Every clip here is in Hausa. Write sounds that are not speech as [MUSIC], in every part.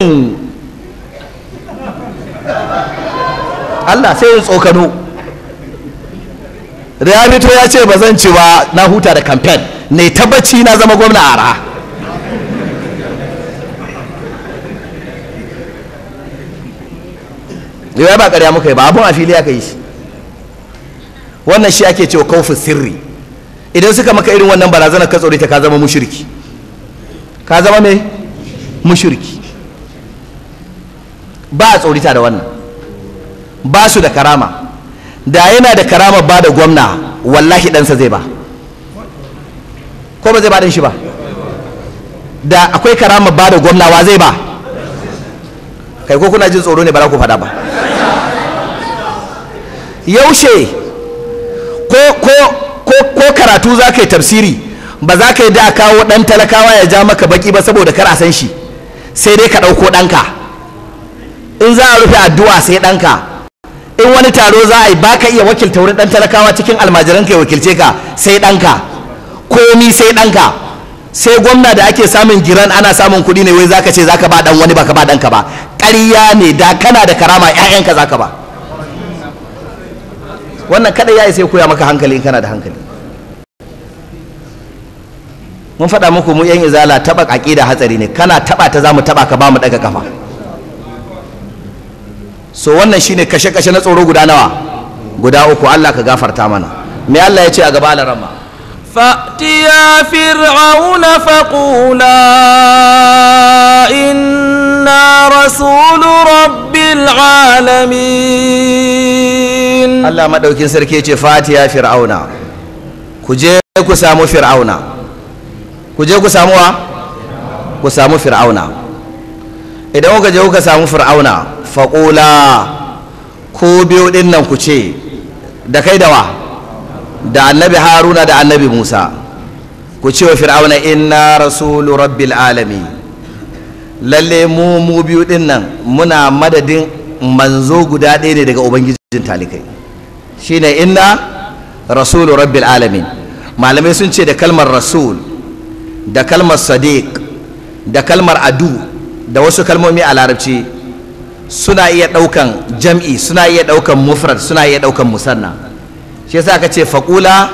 Allah sai in tsokano riyamito ya ce ba zan ci ba na huta da kamfen ne tabbaci na zama gwamna ara ya ba ƙarya muka yi ba abun a fili aka yi shi wannan shi ake cewa kofin sirri idan suka maka irin wannan barazanar ka tsore ta ka zama mushriki ka zama me mushirki ba a tsorita da wannan ba su da karama da yana da karama ba da gwamna wallahi ɗansa zai ba ko ba zai ba ɗin shi ba da akwai karama ba da gwamna wa zai ba kai ko kuna jin tsoro ne ba za ku faɗa ba yaushe ko ko ko karatu za ka yi tafsiri ba za ka yi da kawo ɗan talakawa ya ja maka baki ba saboda kar a san shi sai dai ka ɗauko ɗanka in za a rufe addu'a sai ɗanka in wani taro za a yi baka iya wakilta wurin ɗan talakawa cikin almajiran ka ya wakilce ka sai ɗanka komi sai ɗanka sai gwamna da ake samun giran ana samun kuɗi ne wai za ka ce za ka ba ɗan wani ba ka ba ɗanka ba ƙarya ne da kana da karama ƴaƴanka ka ba wannan kada ya sai koya maka hankali kana da hankali mun faɗa muku mu yan izala taɓa da hatsari ne kana taɓa ta za mu taɓa ka ba mu ɗaga kafa so wannan shine kashe-kashe na tsoro guda nawa guda uku Allah ka gafarta mana me Allah ya ce a gaba alarama fa'tiya fir'auna faqula inna rasul rabbil alamin Allah madaukin sarki ya ce fatiya fir'auna ku je ku samu fir'auna ku je ku samu wa ku samu fir'auna idan kuka je kuka samu fir'auna faƙula ko biyu ɗin nan ku ce da kai da wa da annabi haruna da annabi musa ku ce wa fir'auna inna rasulu rabbil alami lalle mu mu biyu ɗin nan muna madadin manzo guda ɗaya ne daga ubangijin talikai shine inna rasulu rabbil alamin malamai sun ce da kalmar rasul da kalmar sadiq da kalmar adu da wasu kalmomi a larabci suna iya ɗaukan jam'i suna iya ɗaukan mufrad suna iya ɗaukan musanna shi yasa aka ce faƙula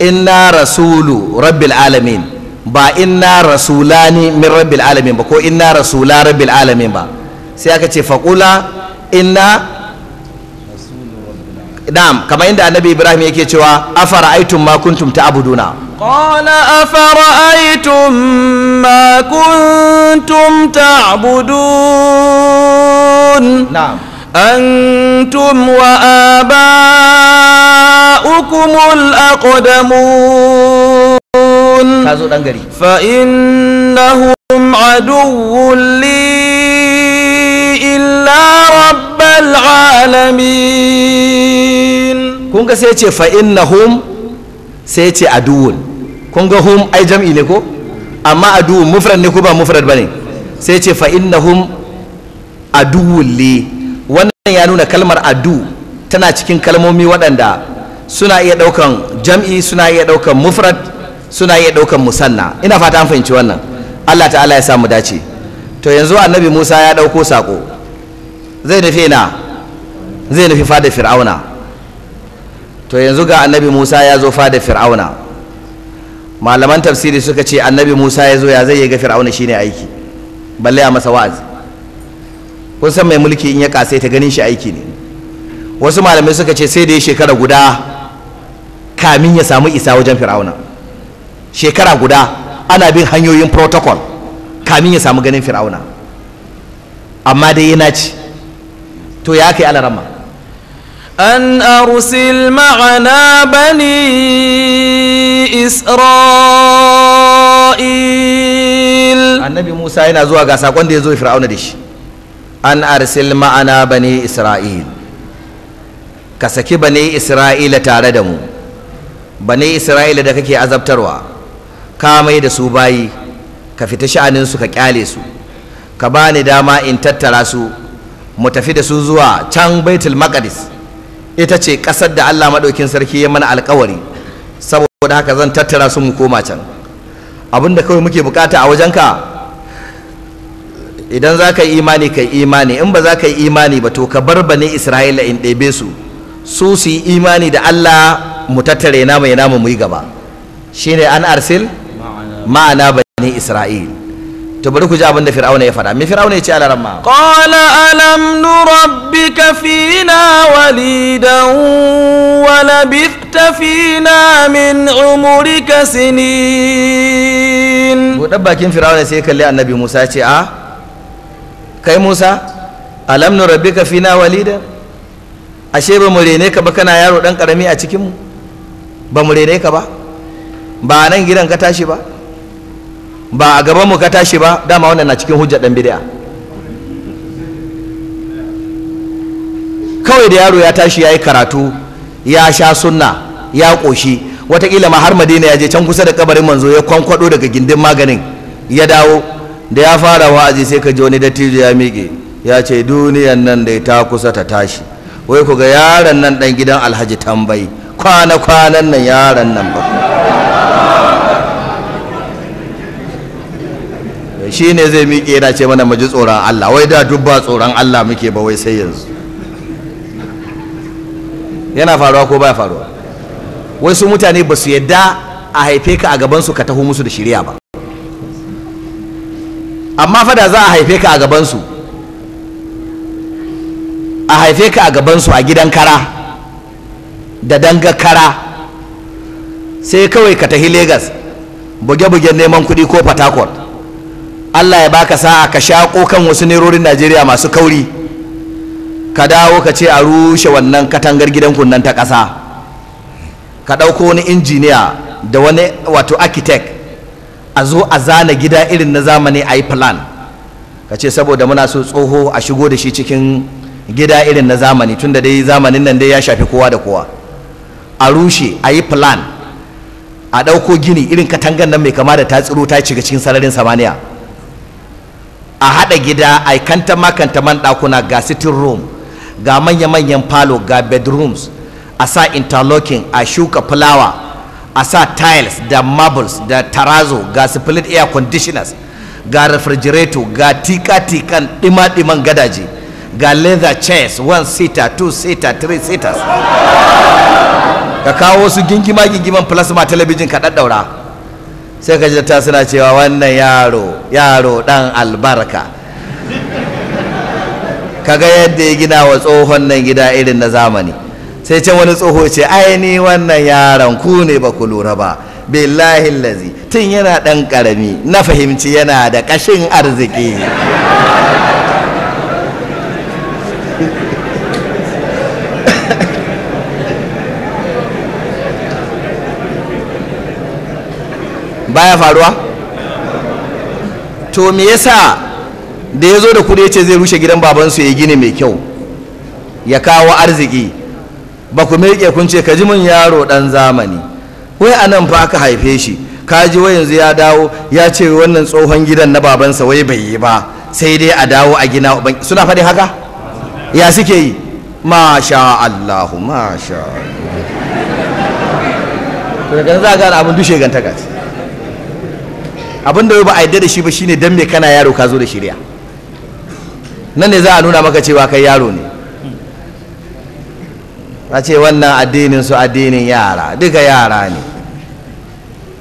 inna rasulu rabbil alamin ba inna rasulani min rabbil alamin ba ko inna rasula rabbil alamin ba sai aka ce faƙula inna na'am kamar inda annabi ibrahim yake cewa afara'aytum ma kuntum ta'buduna qala afara'aytum ma kuntum ta'budun na'am antum wa aba'ukum aqdamun fa innahum aduwwun li alamin kun ga sai ce na hum sai ce aduwun kun ga hum ai jam'i ne ko amma aduwun mufrad ne ko ba mufrad ne sai ce fa innahum aduwun le wannan ya nuna kalmar adu tana cikin kalmomi waɗanda suna iya ɗaukan jam'i suna iya ɗaukan mufrad suna iya ɗaukan musanna ina fata an fahimci wannan Allah ta'ala ya samu dace to yanzu annabi Musa ya ɗauko sako zai nufi na zai nufi fada fir'auna to yanzu ga annabi musa ya zo fada fir'auna malaman tafsiri suka ce annabi musa ya zo ya zai ga fir'auna shine aiki balle a masa wa'azi kun san mai mulki in ya kasai ta ganin shi aiki ne wasu malamai suka ce sai da ya shekara guda kamin ya samu isa wajen fir'auna shekara guda ana bin hanyoyin protocol kamin ya samu ganin fir'auna amma dai yana ci to ya kai alarama أن أرسل معنا بني إسرائيل النبي موسى yana zuwa gasa sakon da ya zo Fir'auna da shi an arsil ma'ana bani Isra'il ka saki bani Isra'ila tare da mu bani Isra'ila da kake azabtarwa ka mai da su bayi ka fita sha'anin su ka kyale su ka bani dama in tattara su mu tafi da su zuwa can Baitul Maqdis ita ce ƙasar da Allah maɗaukin sarki ya mana alƙawari saboda haka zan tattara su mu koma can abinda kawai muke bukata a wajenka idan za ka yi imani ka yi imani in ba za ka yi imani ba to ka bar bane isra'ila in ɗebe su su su yi imani da Allah mu tattare namu ya namu mu yi gaba shine an arsil ma'ana bane isra'ila to bari ku ji abin da fir'auna ya faɗa me fir'auna ya ce a ma. qala alam nurabbika fina walidan wa labithta fina min umurika sinin buɗe bakin fir'auna sai kalli annabi Musa ya ce a ah, kai Musa alam nurabbika fina walidan ashe ba mu rene ka ba kana yaro dan karami a cikin mu ba mu rene ka ba ba nan gidan ka tashi ba ba a gabanmu ka tashi ba dama wannan na cikin hujjar dan bid'a kawai da yaro ya tashi ya yi karatu ya sha sunna ya ƙoshi wataƙila ma har madina ya je can kusa da kabarin manzo ya kwankwado daga gindin maganin ya dawo da ya fara wa'azi sai ka ji wani dattijo ya miƙe ya ce duniyan nan da ta kusa ta tashi wai ku ga yaron nan ɗan gidan alhaji tambayi kwana kwanan nan yaron nan ba shi ne zai miƙe yana ce mana maji tsoron Allah wai da dubba tsoron Allah muke ba wai sai yanzu yana faruwa ko ba faruwa wai su mutane ba su yadda a haife ka a gabansu ka taho musu da shirya ba amma fada za a haife ka a gabansu a haife ka a gabansu a gidan kara da danga kara sai kawai ka tahi Legas buge-bugen neman kuɗi ko Fatakwal. Allah ya baka sa'a ka shaƙo kan wasu nerorin Najeriya masu kauri ka dawo ka ce a rushe wannan katangar gidan kunnan ta ƙasa ka ɗauko wani injiniya da wani wato architect a zo a zana gida irin na zamani a yi plan ka ce saboda muna so tsoho a shigo da shi cikin gida irin na zamani tun da dai zamanin nan dai ya shafi kowa da kowa a rushe a yi plan a ɗauko gini irin katangar nan mai kama da ta tsiro ta shiga cikin sararin samaniya a haɗa gida a kanta makanta man ɗakuna ga sitting room ga manya-manyan palo ga bedrooms a sa interlocking a shuka fulawa a sa tiles da marbles da tarazo ga split air conditioners ga refrigerator ga tika-tikan ɗima-ɗiman gadaje ga leather chairs one seater two seater three seaters ka kawo wasu gingima-gingiman plasma television ka ɗaɗɗaura sai ka ji ta suna cewa wannan yaro yaro dan albarka ga yadda ya gina wa tsohon nan gida irin na zamani sai can wani tsoho ce aini wannan yaron ku ne ba ku lura ba billahi lazi tun yana dan karami na fahimci yana da kashin arziki baya faruwa to me yasa da ya zo da kudi ya ce zai rushe gidan babansu ya gini mai kyau ya kawo arziki ba ku miƙe kun ce ka ji mun yaro dan zamani wai anan fa aka haife shi kaji ji wai yanzu ya dawo ya ce wannan tsohon gidan na babansa wai bai yi ba sai dai a dawo a gina suna faɗi haka ya suke yi masha Allahu masha Allah to ga za ga abin dushe gantaka ce abinda da ba a yadda da shi ba shine dan me kana yaro ka zo da shirya nan ne za a nuna maka cewa kai yaro ne a ce wannan addinin su addinin yara duka yara ne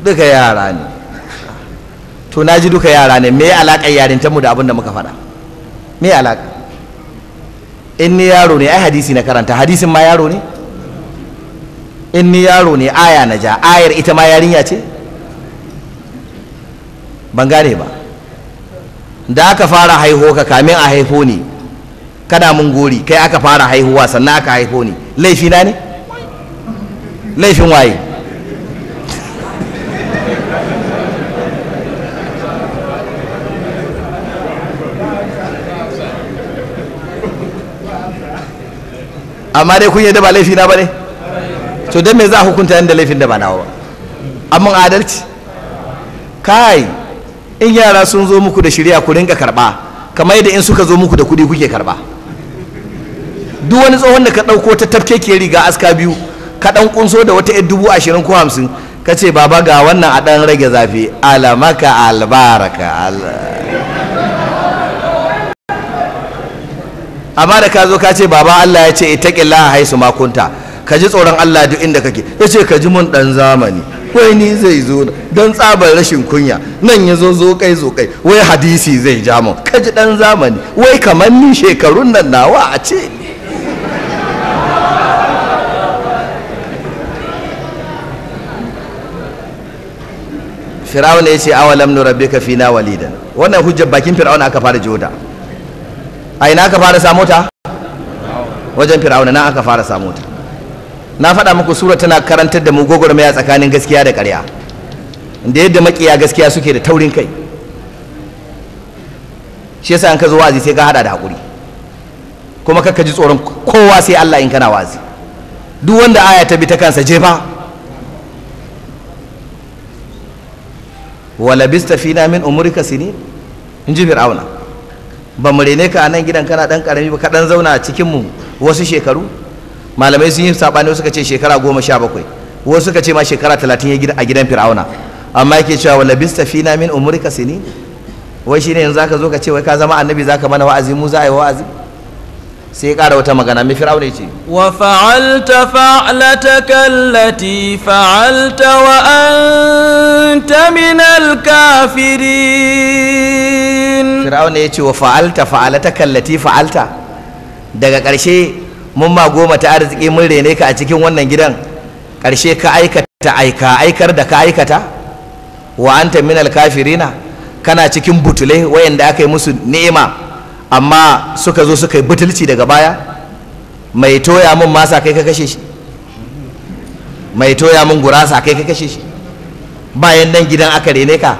duka yara ne to na ji duka yara ne me alaƙar tamu da abin da muka faɗa me alaƙa in ni yaro ne ai hadisi na karanta hadisin ma yaro ne in ni yaro ne aya na ja ayar ita ma yarinya ce ban gane ba da aka fara haihuwa ka kamin a haifo ne kana mun gori kai aka fara haihuwa sannan aka haifo ne laifi na ne laifin waye amma dai kun yadda ba laifi na ba ne to don me za a hukunta yadda laifin da ba nawa ba amma adalci kai in yara sun zo muku da shirya ku rinka karba kamar yadda in suka zo muku da kuɗi kuke karba duk wani tsohon da ka ɗauko ta tafke ke riga aska biyu ka ɗan kunso da wata yar dubu ashirin ko hamsin ka ce baba ga wannan a ɗan rage zafi alamaka albaraka amma da ka zo ka ce baba Allah ya ce itaƙi haisu makunta ka tsoron Allah duk inda kake ya ce ka ji mun ɗan zamani wai ni zai zo don tsabar rashin kunya nan ya zo zo kai zo kai wai hadisi zai ja mu kaji dan zamani wai kamar ni shekarun nan nawa a ce firawuna ya ce awalam nu rabbika fina walidan wannan hujjar bakin Fir'auna aka fara jota a ina aka fara samota wajen Fir'auna na aka fara samota na faɗa muku sura tana karantar da mu gwagwarmaya tsakanin gaskiya da ƙarya da yadda makiya gaskiya suke da taurin kai shi yasa an ka zo wazi sai ka hada da hakuri kuma ka ji tsoron kowa sai Allah in kana wazi duk wanda aya ta bi ta kansa jefa wala bista fina min umurika sini in ji fir'auna ba mu rene ka a nan gidan kana dan karami ba ka dan zauna a cikin wasu shekaru malamai sun yi sabani suka ce shekara goma sha bakwai wasu suka ce ma shekara talatin ya a gidan fir'auna amma yake cewa wala bista fina min umurika sini wai shine yanzu zaka zo ka ce wai ka zama annabi zaka mana wa'azi mu za a yi wa'azi sai ya kara wata magana mai fir'auna ce wa fa'alta fa'lataka allati fa'alta wa anta minal kafirin fir'auna ya ce wa fa'alta fa'lataka allati fa'alta daga ƙarshe mun ma goma ta arziki mun rene ka a cikin wannan gidan ƙarshe ka aikata aika aikar da ka aikata wa anta min kafirina kana cikin butule wayanda aka yi musu ni'ima amma suka zo suka yi butulci daga baya mai toya mun masa kai ka kashe shi mai toya mun gurasa kai ka kashe shi bayan nan gidan aka rene ka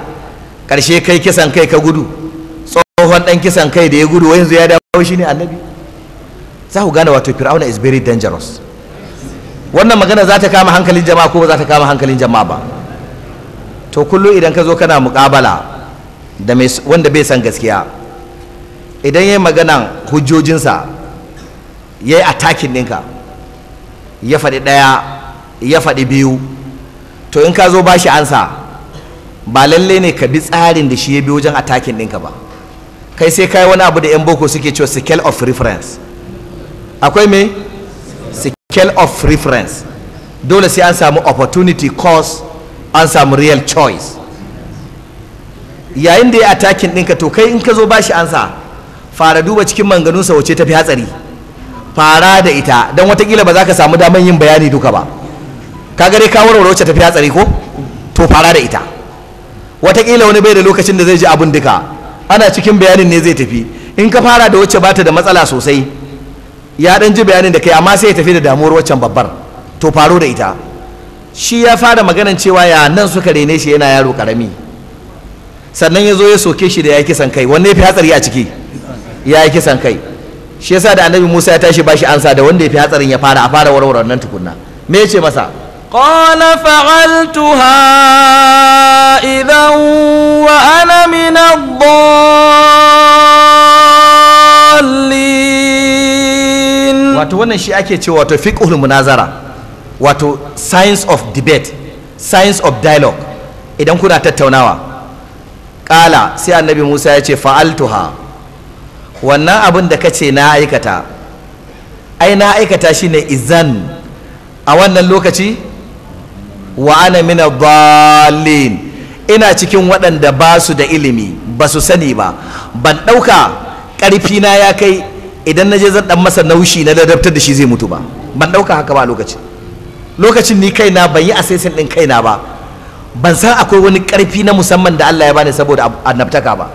ƙarshe kai kisan kai ka gudu tsohon ɗan kisan kai da ya gudu yanzu ya dawo shi ne annabi za ku gane wato fir'auna is very dangerous wannan magana za ta kama hankalin jama'a ko ba za ta kama hankalin jama'a ba to kullum idan ka zo kana muƙabala da wanda bai san gaskiya idan ya yi hujjojinsa ya yi attacking ɗinka ya faɗi ɗaya ya faɗi biyu to in ka zo ba shi ansa ba lalle ne ka bi tsarin da shi ya bi wajen attacking ɗinka ba kai sai kai wani abu da 'yan boko suke cewa scale of reference akwai me scale of reference dole sai an samu opportunity cost an samu real choice yayin da ya attacking ɗinka to kai in ka zo bashi ansa fara duba cikin manganunsa wace tafi hatsari fara da ita don watakila ba za ka samu daman yin bayani duka ba ka gare ka warware wacce tafi hatsari ko to fara da ita watakila wani bai da lokacin da zai ji abun duka ana cikin bayanin ne zai tafi in ka fara da wacce bata da matsala sosai ya dan ji bayanin da kai amma sai ya tafi da damuwar waccan babbar to faro da ita shi ya fara maganan cewa ya nan suka rene shi yana yaro karami sannan ya zo ya soke shi da ya kisan kai wanne ya fi hatsari a ciki ya yi kisan kai shi yasa da annabi musa ya tashi bashi ansa da wanda ya fi hatsarin ya fara a fara warware nan tukunna me ya ce masa قال فعلتها إذا wa من الضالين wato wannan shi ake cewa wato fiqhul munazara wato science of debate science of dialogue idan kuna tattaunawa kala sai annabi Musa ya ce fa'altuha wannan abin da kace na aikata ai na aikata shine izan a wannan lokaci wa ana min dhalin ina cikin waɗanda ba su da ilimi ba su sani ba ban ɗauka na ya kai idan na je zan dan masa naushi na ladabtar da shi zai mutu ba ban dauka haka ba lokacin lokacin ni kaina ban yi assessment din kaina ba ban san akwai wani karfi na musamman da Allah ya bani saboda annabtaka ba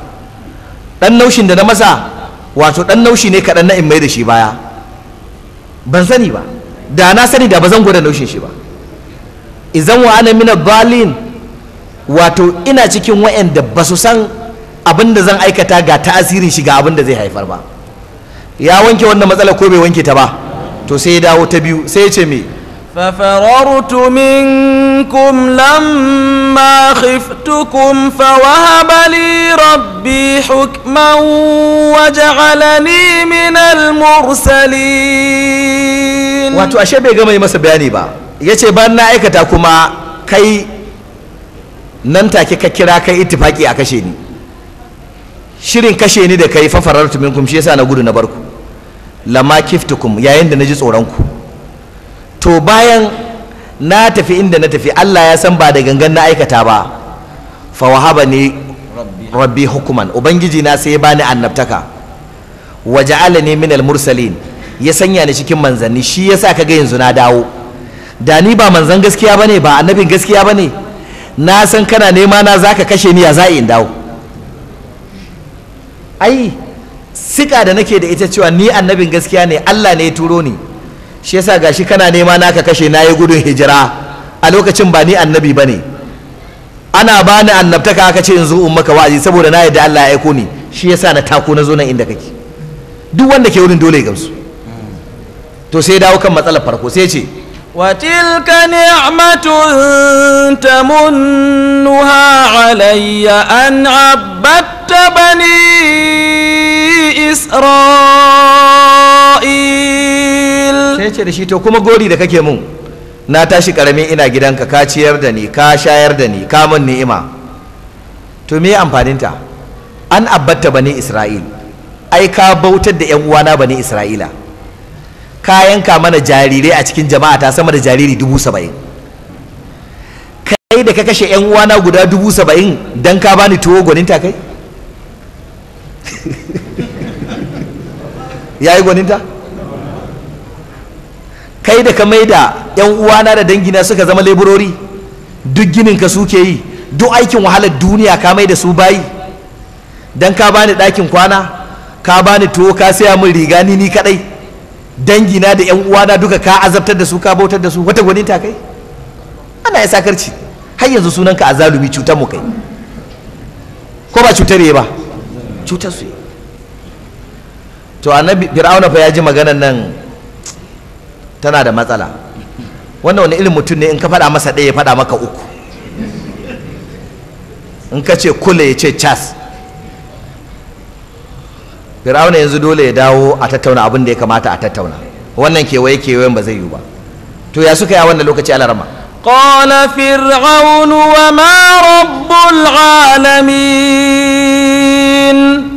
dan naushin da na masa wato dan naushi ne kaɗan na in mai da shi baya ban sani ba da na sani da ba zan gwada naushin shi ba idan wa ana mina balin wato ina cikin wa'anda ba su san abin da zan aikata ga ta'asirin shi ga abin da zai haifar ba ya wanke wannan matsala ko bai wanke ta ba to sai ya dawo ta biyu sai ya ce me ففررت منكم fa خفتكم فوهب لي ربي حكما وجعلني من المرسلين wato ashe bai gama yi masa bayani ba yace ban na aikata kuma kai nan take ka kira kai ittifaki a kashe ni shirin kashe ni da kai fa farartu minkum shi yasa na gudu na barku lama kiftukum yayin da naji tsoron ku to bayan na tafi inda na tafi Allah ya san ba da gangan na aikata ba fa wahaba rabbi hukuman ubangiji na sai ya bani annabtaka wa min al-mursalin ya sanya ni cikin manzanni shi yasa kaga yanzu na dawo da ni ba manzan gaskiya bane ba annabin gaskiya bane na san kana nema na zaka kashe ni ya za'i in dawo ai sika da nake da ita cewa ni annabin gaskiya ne Allah ne ya turo ni shi yasa gashi kana nema naka kashe na yi gudun hijira a lokacin ba ni annabi ba ne ana bani annabtaka aka ce yanzu in maka wa'azi saboda na yadda Allah ya aiko ni shi yasa na tako na zo nan inda kake duk wanda ke wurin dole ya gamsu to sai dawo kan matsalar farko sai ce وتلك نعمة تمنها علي أن عبدت بني إسرائيل sai da shi to kuma godi da kake mun na tashi karami ina gidanka ka ciyar da ni ka shayar da ni ka mun ni'ima to me amfaninta an abbatta bani isra'il ai ka bautar da yan uwana bani isra'ila ka yanka mana jarirai a cikin jama'a ta sama da jariri dubu saba'in kai da ka kashe yan uwana guda dubu saba'in don ka bani tuwo gwanin ta kai [LAUGHS] ya yi gwanin ta kai da ka mai da yan uwana da dangina suka zama laborori duk ginin ka suke yi duk aikin wahalar duniya ka mai da su bayi don ka bani ɗakin kwana ka bani tuwo ka saya min riga ni ni kaɗai dangina da yan uwana duka ka azabtar da su ka bautar da su wata gwanin ta kai ana ya sakarci har yanzu sunan ka azalumi cutar mu kai ko ba cutar ba cutar su to annabi fir'auna fa ya ji maganar nan tana da matsala wannan wani ilimin mutum ne in ka faɗa masa ɗaya ya faɗa maka uku in ka ce kula ya ce cas fir'auna yanzu dole ya dawo a tattauna abin da ya kamata a tattauna wannan kewaye kewayen ba zai yiwu ba to ya suka yi a wannan lokaci alarama qala fir'aunu wa ma rabbul alamin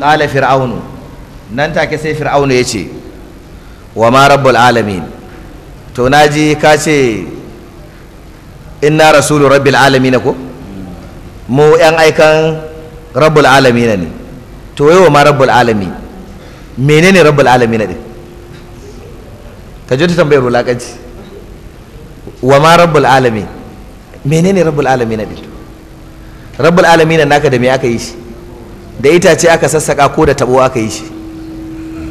qala fir'aunu nan take sai fir'aunu ya ce wa ma rabbul alamin to naji ka ce inna rasulu rabbil alamin ko mu yan aikan rabbul alamin ne to yau ma rabbul alamin menene rabbul alamin din ka ji ta tambayar wulakanci wa ma rabbul alamin menene rabbul alamin din rabbul alamin naka da me aka yi shi da itace aka sassaka ko da tabo aka yi shi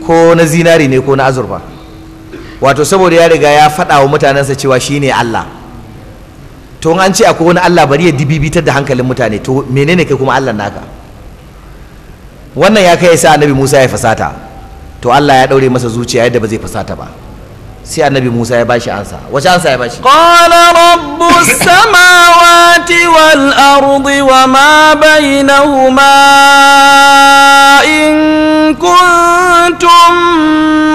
ko na zinari ne ko na azurfa wato saboda ya riga ya faɗa wa mutanensa cewa shine Allah to an ce akwai wani Allah bari ya dibibitar da hankalin mutane to menene kai kuma Allah naka wannan ya kai sa annabi Musa ya fasata to Allah ya daure masa zuciya yadda ba zai fasata ba sai annabi Musa ya bashi ansa wace ansa ya bashi qala rabbus samawati wal ardi wa ma bainahuma in kuntum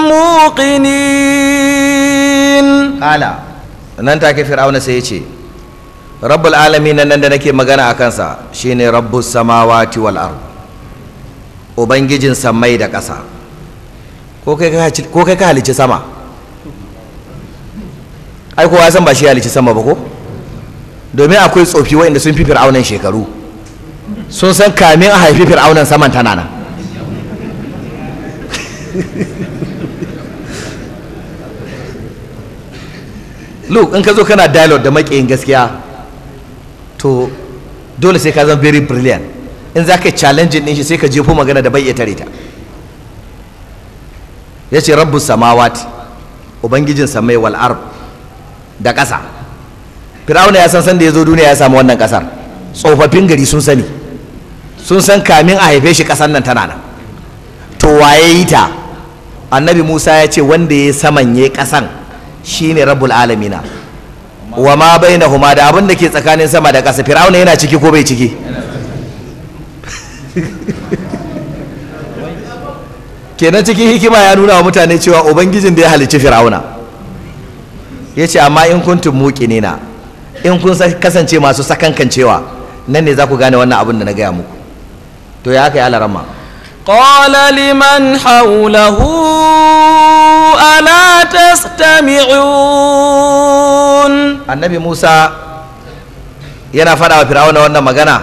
muqinin qala nan take fir'auna sai ya ce rabbul alamin nan da nake magana a kansa shine rabbus samawati wal ardi ubangijin samai da ƙasa ko kai ka halicci sama ai kowa san ba shi halicci sama ba ko domin akwai tsofi waɗanda sun fi fir'aunan shekaru sun san kamin a haifi fir'aunan saman tana nan [LAUGHS] look in ka zo kana dialogue da maƙiyin gaskiya to dole sai ka zama very brilliant in za ka yi challenging ɗin shi sai ka jefo magana da bai iya tare ta ya ce rabbu samawati ubangijin samai wal da ƙasa firawuna ya san san da ya zo duniya ya samu wannan ƙasar tsofaffin gari sun sani sun san kamin a haife shi ƙasar nan tana nan to waye yi ta annabi musa ya ce wanda ya samanye ƙasan shine rabbul alamina wa ma huma da abin da ke tsakanin sama da kasa firawuna yana ciki ko bai ciki [LAUGHS] kenan cikin hikima ya nuna wa mutane cewa ubangijin da ya halicci fir'auna ya ce amma in kuntum nina in kun kasance masu cewa nan ne za ku gane wannan abin da na gaya muku to ya haka ya alarama qala liman hawlahu ala tastami'un annabi musa yana fada wa fir'auna wannan magana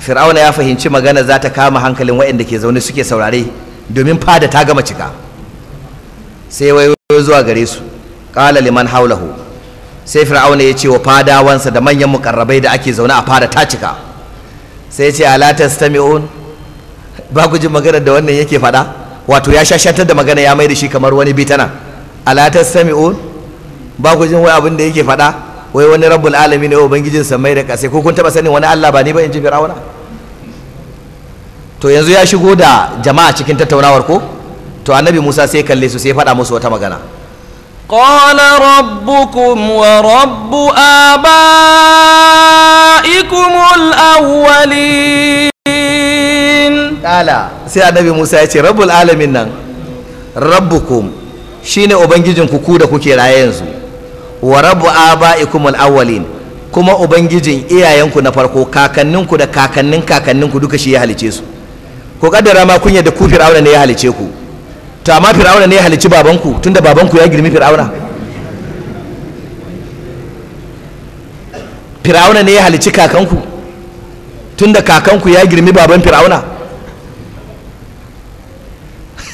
fir'auna ya fahimci magana za ta kama hankalin waɗanda ke zaune suke saurare domin fada ta gama cika sai wayo zuwa gare su qala liman haulahu sai fir'auna ya ce wa fadawansa da manyan mukarrabai da ake zaune a fada ta cika sai ya ce ala tastami'un ba ku ji magana da wannan yake faɗa wato ya shashantar da magana ya mai da shi kamar wani bitana ala tastami'un ba ku ji wai abin da yake faɗa wai wani rabbul alamin ne ubangijin samai da kasai ko kun taba sanin wani Allah ba ni ba in ji fir'auna to yanzu ya shigo da jama'a cikin tattaunawar ko to annabi musa sai kalle su sai faɗa musu wata magana Qala rabbukum wa rabbu abaikum al-awwalin Qala sai Annabi Musa ya ce Rabbul alamin nan Rabbukum shine ubangijin ku da kuke raye yanzu wa rabbu abaikum al-awwalin kuma ubangijin iyayenku na farko kakanninku da kakannin kakanninku duka shi ya halice su ko kaddara ma kun yadda ku fir'auna ne ya halice ku to amma fir'auna ne ya halici babanku tunda babanku ya girmi fir'auna fir'auna ne ya halici kakanku tunda kakanku ya girmi baban fir'auna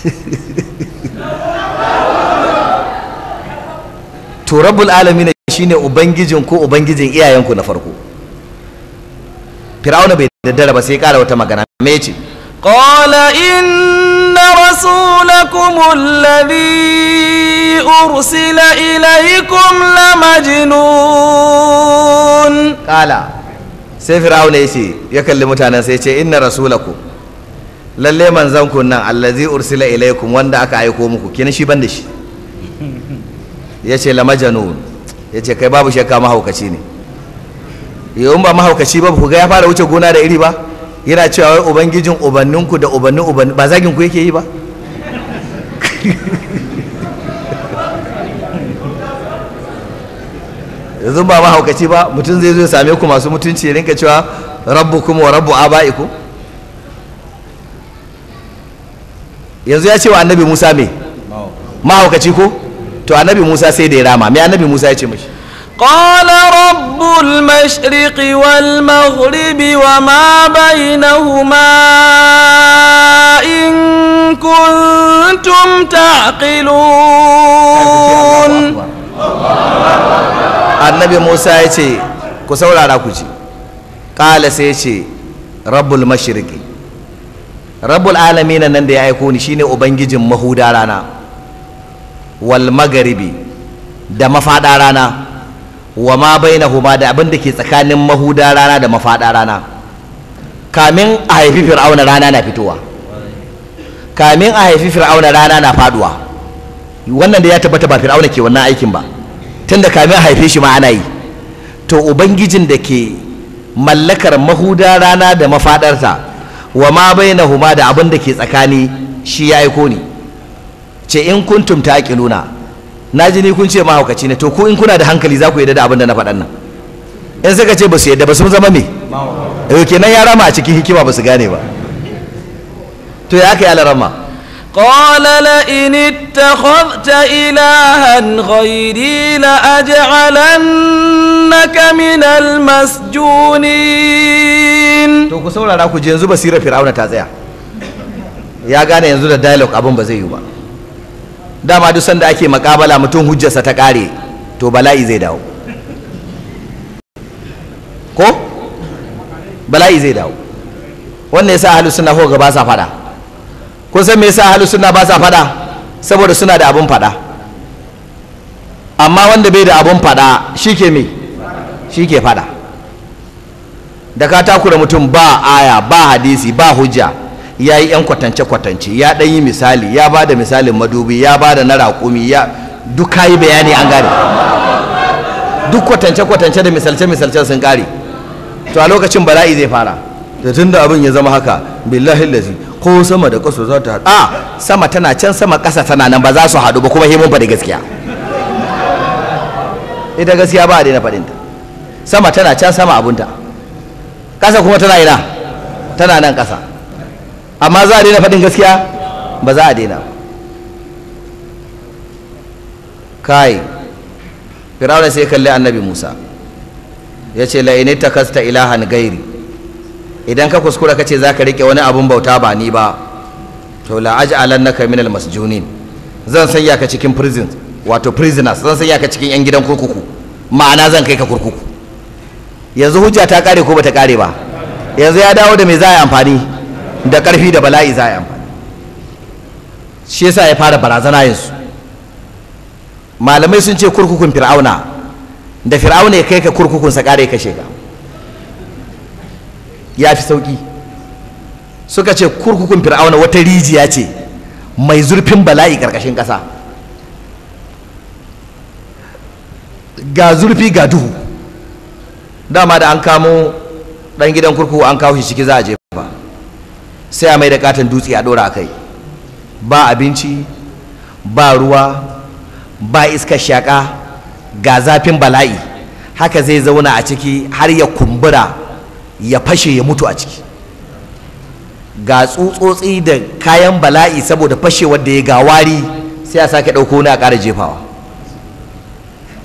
[LAUGHS] to rabbul alamin shine ubangijin ko ubangijin iyayenku na farko fir'auna bai daddara ba sai ya kara wata magana me ce قال إن رسولكم الذي أرسل إليكم لمجنون قال sai fir'auna ya ce ya kalli mutanen sai ce inna rasulakum lalle manzon ku nan allazi ursila ilaikum wanda aka aiko muku kenan ban da shi ya la majanun ya kai babu shakka mahaukaci ne yau ba mahaukaci ba ku ga ya fara wuce gona da iri ba yana cewa wai ubangijin ubanninku da ubannin ubannin ba zagin ku yake yi ba [LAUGHS] yanzu ba mahaukaci ba mutum zai zo ya same ku masu mutunci ya rinka cewa rabbu kuma wa rabbu aba'iku yanzu ya ce wa annabi musa me mahaukaci ko to annabi musa sai da ya rama me annabi musa ya ce mashi قال رب المشرق wa وما بينهما إن كنتم تعقلون annabi musa ya ce ku saurara ku ji ƙala sai ce rabbul mashirki rabbul alamina nan da ya aiko ni shine ubangijin mahuda rana wal magaribi da mafaɗa rana wa ma bainahuma da abin da ke tsakanin mahuda rana da mafada rana kamin a haifi fir'auna rana na fitowa kamin a haifi fir'auna rana na faduwa wannan da ya tabbata ba fir'auna ke wannan aikin ba tunda kamin a haife shi ma ana yi to ubangijin da ke mallakar mahuda rana da mafadarta wa ma bainahuma da abin da ke tsakani shi ya aiko ni ce in kuntum taqiluna na ji ni kun ce mahaukaci ne to ku in kuna da hankali za ku yadda da abin da na faɗan nan in suka ce ba su yadda ba sun zama me yau eh, kenan ya rama a cikin hikima ba su gane ba to ya aka yi alarama قال لئن اتخذت إلها غيري na من masjunin. to ku saurara ku ji yanzu basira fir'auna ta tsaya ya gane yanzu da dialogue abin ba zai yi ba dama duk sanda ake makabala mutum hujjarsa ta kare to bala'i zai dawo ko bala'i zai dawo wannan yasa ahlus sunna ko ba sa fada kun san me yasa ahlus sunna ba sa fada saboda suna da abun fada amma wanda bai da abun fada shike me shike fada da ka takura mutum ba aya ba hadisi ba hujja ya yi 'yan kwatance-kwatance ya ɗan yi misali ya ba da misalin madubi ya ba da na raƙumi ya duk yi bayani an gane duk kwatance-kwatance da misalce-misalce sun ƙare to a lokacin bala'i zai fara da tun da abin ya zama haka billahi lazi ko sama da ƙasa za ta a sama tana can sama ƙasa tana nan ba za su haɗu ba kuma himun da gaskiya ita gaskiya ba a daina faɗinta sama tana can sama abunta ƙasa kuma tana ina tana nan ƙasa amma za a daina faɗin gaskiya ba za a daina kai firawuna sai kalli annabi musa ya ce la'ini ta kasta ilahan gairi idan ka kuskura ka ce za ka riƙe wani abun bauta ba ni ba to la'aji alan na kaminal masjunin zan sanya ka cikin prison wato prisoners zan sanya ka cikin yan gidan kurkuku ma'ana zan kai ka kurkuku yanzu hujja ta kare ko bata kare ba yanzu ya dawo da me za a yi amfani da ƙarfi da bala'i za a yi amfani shi yasa ya fara barazana yanzu malamai sun ce kurkukun fir'auna da fir'auna ya kai ka kurkukun sa ƙara ya kashe ka ya fi sauƙi suka ce kurkukun fir'auna wata rijiya ce mai zurfin bala'i ƙarƙashin ƙasa ga zurfi ga duhu dama da an kamo ɗan gidan kurkuku an kawo shi ciki za a je sai a mai da katon dutse a ɗora a kai ba abinci ba ruwa ba iskar shaƙa ga zafin bala'i haka zai zauna a ciki har ya kumbura ya fashe ya mutu a ciki ga tsutsotsi da kayan bala'i saboda fashewar da ya gawari sai a sake ɗauko wani a ƙara jefawa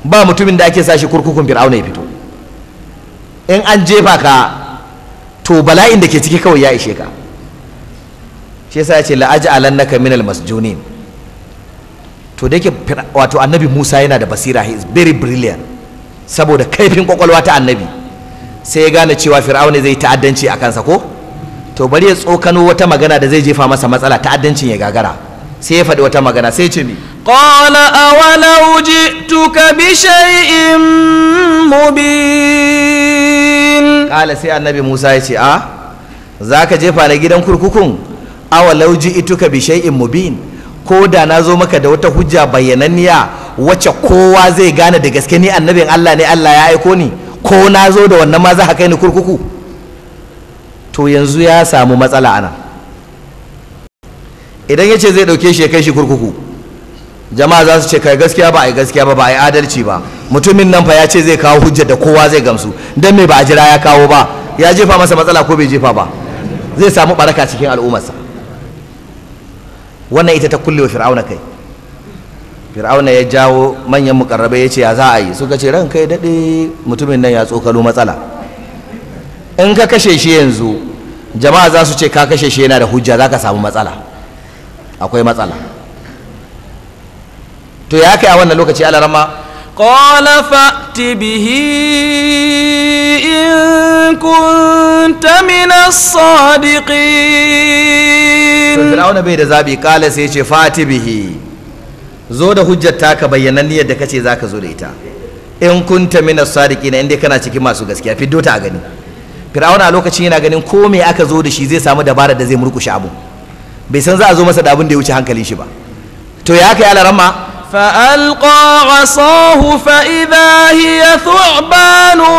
ba mutumin da ake sashi kurkukun fir'auna ya fito in an jefa ka to bala'in da ke ciki kawai ya ishe ka shi yasa ya ce la'aj'alannaka minal masjunin to da yake wato annabi Musa yana da basira he is very brilliant saboda kaifin kwakwalwa ta annabi sai ya gane cewa fir'auna zai ta'addanci a kansa ko to bari ya tsokano wata magana da zai jefa masa matsala ta'addancin ya gagara sai ya faɗi wata magana sai ya ce mi قال أولو جئتك بشيء مبين قال سي النبي موسى a zaka jefa ni gidan kurkukun. awa lauji ituka bi in? ko da na zo maka da wata hujja bayyananniya wacce kowa zai gane da gaske ni annabin Allah ne Allah ya aiko ni ko na zo da wannan ma za ka kai ni kurkuku to yanzu ya samu matsala ana idan ya ce zai ɗauke shi ya kai shi kurkuku jama'a za su ce kai gaskiya ba a yi gaskiya ba ba a yi adalci ba mutumin nan fa ya ce zai kawo hujja da kowa zai gamsu dan me ba a jira ya kawo ba ya jefa masa matsala ko bai jefa ba zai samu baraka cikin al'ummarsa wannan ita ta kulle wa fir'auna kai fir'auna ya jawo manyan mukarrabai ya ce ya za a yi suka ce ran kai daɗe mutumin nan ya tsokalo matsala in ka kashe shi yanzu jama'a za su ce ka kashe shi yana da hujja za ka samu matsala akwai matsala to ya kai a wannan lokaci alarama قال فأت به إن كنت من الصادقين فرعون بيد زابي قال سيشي فأت به زود حجة تاك بيانانية دكتي ذاك زوليتا in kunta min as-sadiqin inda kana cikin masu gaskiya fiddo a gani fir'aun a lokacin yana ganin ko mai aka zo da shi zai samu dabarar da zai murkushe abu bai san za a zo masa da abin da ya wuce hankalin shi ba to ya kai alarama Fa alƙawara Sahu fa idan ya sa ubanu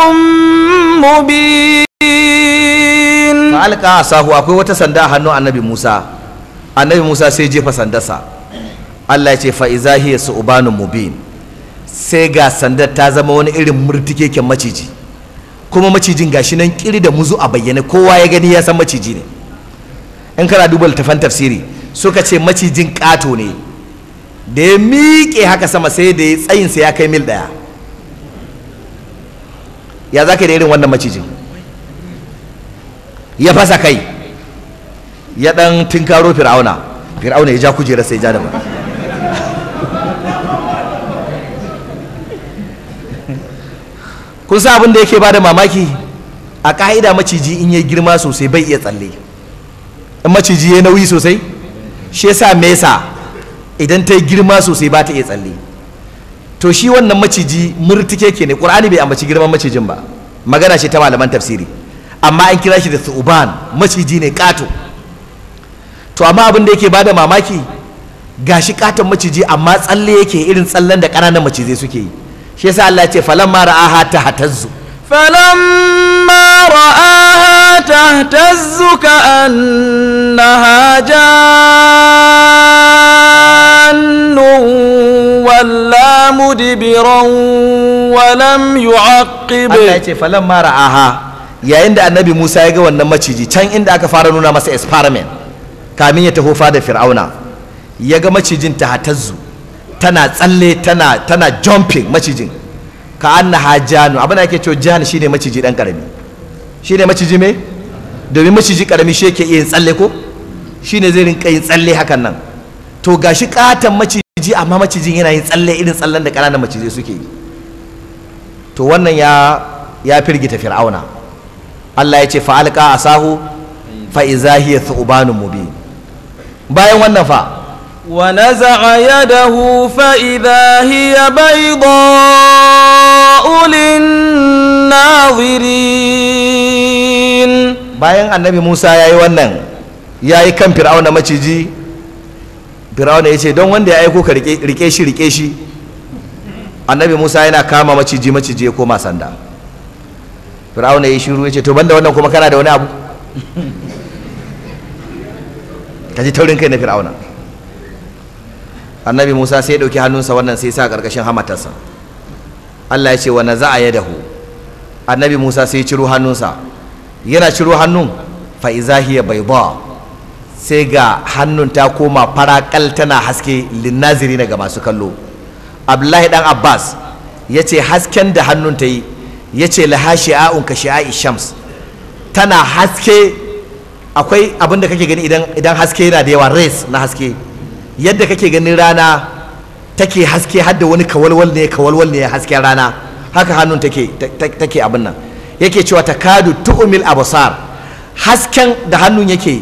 mu biyun. Ba alƙawara Sahu akwai wata sanda hannu a nabi Musa, a nabi jefa sanda sa, Allah ya ce fa idan za su ubanu sai ga sanda ta zama wani irin murtikeken maciji, kuma macijin gashinan kir da muzu a bayyane kowa ya gani ya san maciji ne, in kana a duba littafan tafsiri, suka ce macijin ƙato ne. da ya miƙe haka sama sai da ya tsayinsa ya kai mil ɗaya ya za ka da irin wannan macijin ya fasa kai ya ɗan tinkaro fir'auna fir'auna ya ja kujera sai ja da ba [LAUGHS] kun sa abin da yake ba da mamaki a ƙa'ida maciji in ya girma sosai bai iya tsalle in maciji ya nauyi sosai shi yasa mesa idan ta yi girma sosai ba ta iya tsalle to shi wannan maciji murtike ke ne ƙur'ani bai ambaci girman macijin ba magana ce ta malaman tafsiri amma an kira shi da tsuban maciji ne ƙato to amma abin da yake bada mamaki ga shi katon maciji amma tsalle yake irin tsallen da ƙananan macizai suke yi shi yasa Allah ya ce falamma ra'aha ta hatazzu فلما رآها تهتز كأنها جان ولا مدبرا ولم يعقب الله يتي فلما رآها yayin da annabi Musa ya ga wannan maciji can inda aka fara nuna masa experiment kamin ya taho fada fir'auna ya ga macijin ta hatazzu tana tsalle tana tana jumping macijin ka na hajjanu abin da ake cewa shi shine maciji dan karami shine maciji me domin maciji karami shi yake iya tsalle ko shine zai rinka yin tsalle hakan nan to gashi katan maciji amma macijin yana yin tsalle irin tsallen da ƙananan macizai suke yi to wannan ya firgita fir'auna Allah ya ce fa alqa asahu fa iza hiya thubanun mubin bayan wannan fa ونزع يده فإذا هي بيضاء للناظرين bayan annabi Musa ya yi wannan ya yi kan fir'auna maciji fir'auna ya ce don wanda ya aiko ka rike shi rike shi annabi Musa yana kama maciji maciji ya koma sanda fir'auna ya shiru ya ce to banda wannan kuma kana da wani abu ka ji taurin kai na fir'auna annabi musa sai ya ɗauki hannunsa wannan sai sa ƙarƙashin hamatarsa allah ya ce wa naza'a yadahu annabi musa sai ciro hannunsa yana ciro hannun fa’izahiyar bai hiya sai ga hannun ta koma faraƙal tana haske linnaziri ga masu kallo abdullahi ɗan abbas ya ce hasken da hannun ta yi ya ce Lahashi, shi'a'un ka shi'a'i shams tana haske akwai abin da kake gani idan haske yana da yawa res na haske yadda kake ganin rana take haske hadda wani kawalwal ne kawalwal ne hasken rana haka hannun take take abin nan yake cewa takadu tu'mil absar hasken da hannun yake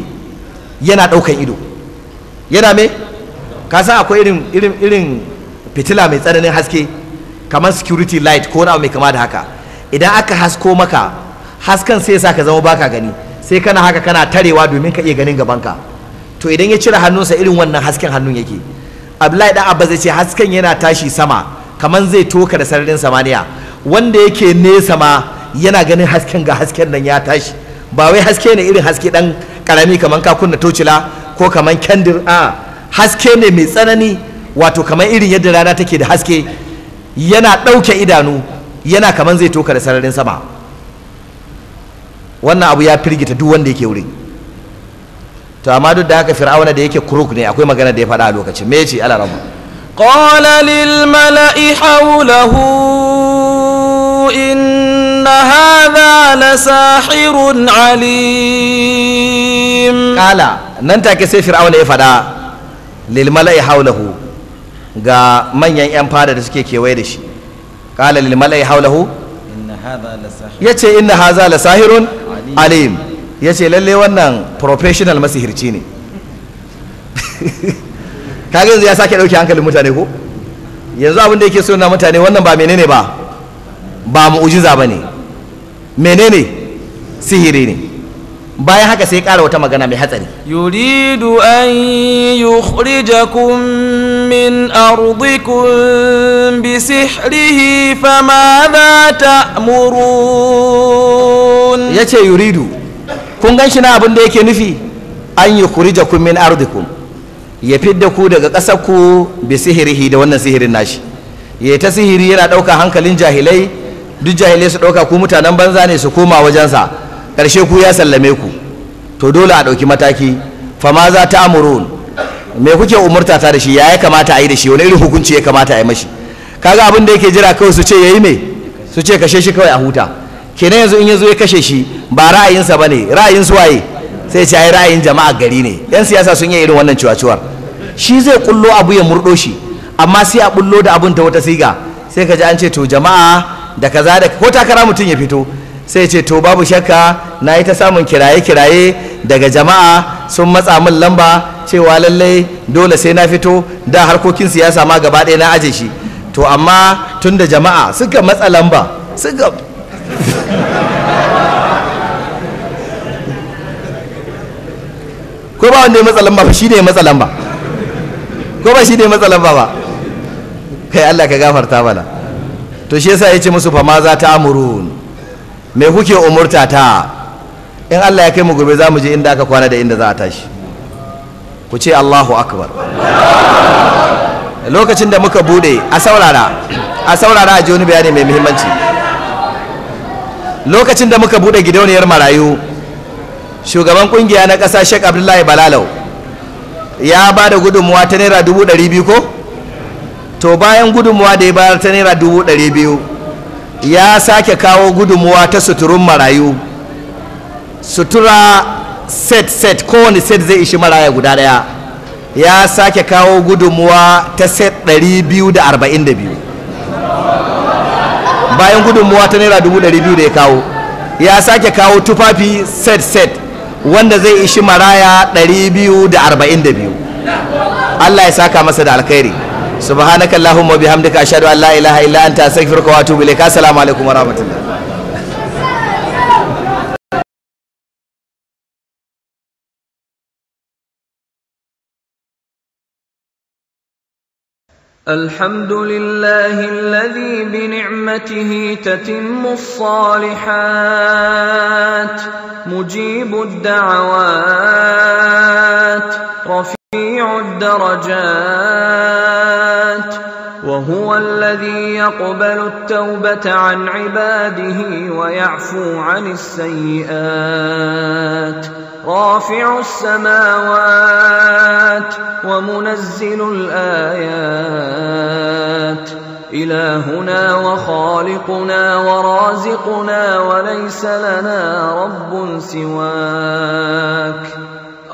yana daukan ido yana me ka san akwai irin irin irin fitila mai tsananin haske kamar security light ko wani mai kama da haka idan aka hasko maka hasken sai ya sa ka zama baka gani sai kana haka kana tarewa domin ka iya ganin gaban ka. to idan ya cire hannunsa irin wannan hasken hannun yake abdullahi dan abba zai ce hasken yana tashi sama kamar zai toka da sararin samaniya wanda yake nesa ma yana ganin hasken ga hasken nan ya tashi ba wai haske ne irin haske dan karami kamar ka kunna tocila ko kaman kendir a haske ne mai tsanani wato kamar irin yadda rana take da haske yana ɗauke idanu yana kamar zai toka da sararin sama wannan abu ya firgita duk wanda yake wurin to amma duk da haka fir'auna da yake kuruk ne akwai magana da ya faɗa a lokacin me yace ala rabu qala lil mala'i hawlahu inna hadha la sahirun alim kala nan take sai fir'auna ya faɗa lil mala'i hawlahu ga manyan yan fada da suke kewaye da shi kala lil mala'i hawlahu yace inna hadha la sahirun alim ya ce lalle wannan professional masihirci ne [LAUGHS] kaga yanzu ya sake ɗauke hankalin mutane ko yanzu abin da yake so na mutane wannan ba menene ba ba mu'ujiza ba ne menene sihiri ne bayan haka sai ƙara wata magana mai hatsari yuridu an yukhrijakum min ardikum bi sihrihi famadha ta'murun yace yuridu kun gan shi na abin da yake nufi an yi kurija kun min ardikum ya fidda ku daga ƙasar ku bi sihirihi da wannan sihirin nashi ya ta sihiri yana ɗauka hankalin jahilai duk jahilai su ɗauka ku mutanen banza ne su koma wajensa ƙarshe ku ya sallame ku to dole a ɗauki mataki fa ma za ta amurun me kuke umurta ta da shi ya ya kamata a yi da shi wani irin hukunci ya kamata a yi mashi kaga abin da yake jira kawai su ce ya yi me su ce kashe shi kawai a huta kenan yanzu in yazo ya kashe shi ba ra'ayinsa ba ne ra'ayin su waye sai ce ai ra'ayin jama'a gari ne yan siyasa sun yi irin wannan ciwaciwar shi zai kullo abu ya murdo shi amma sai a bullo da abun ta wata siga sai ka ji an ce to jama'a da kaza da ko takara mutum ya fito sai ce to babu shakka na yi ta samun kiraye-kiraye daga jama'a sun matsa min lamba cewa lallai dole sai na fito da harkokin siyasa ma gaba ɗaya na aje shi to amma tun da jama'a suka matsa lamba suka ko ba wanda ya matsa lamba ba shi ne ya matsa lamba ko ba shi ne ya matsa lamba ba kai Allah ka gafarta mana to shi yasa ya ce musu fama za ta amurun me kuke umurta ta in Allah ya kai mu gobe za mu je inda aka kwana da inda za a tashi ku ce Allahu akbar lokacin da muka bude a saurara a saurara a ji wani bayani mai muhimmanci lokacin da muka buɗe gidauniyar marayu shugaban kungiya na ƙasa shek abdullahi balalau ya ba da gudunmuwa ta naira dubu ɗari biyu ko to bayan gudunmuwa da ya bayar ta naira dubu ɗari biyu ya sake kawo gudunmuwa ta suturun marayu sutura set set kowane set zai ishi maraya guda ɗaya ya sake kawo gudunmuwa ta set ɗari biyu da arba'in da biyu bayan gudunmuwa ta naira dubu ɗari biyu da ya kawo ya sake kawo tufafi set set wanda zai ishi maraya ɗari biyu da arba'in da biyu allah ya saka masa da alkhairi subhanakallahumma bihamdika ashhadu an la ilaha illa anta astaghfiruka wa atubu ilaik assalamu alaikum wa الحمد لله الذي بنعمته تتم الصالحات مجيب الدعوات رفيع الدرجات وهو الذي يقبل التوبه عن عباده ويعفو عن السيئات رافع السماوات ومنزل الايات الهنا وخالقنا ورازقنا وليس لنا رب سواك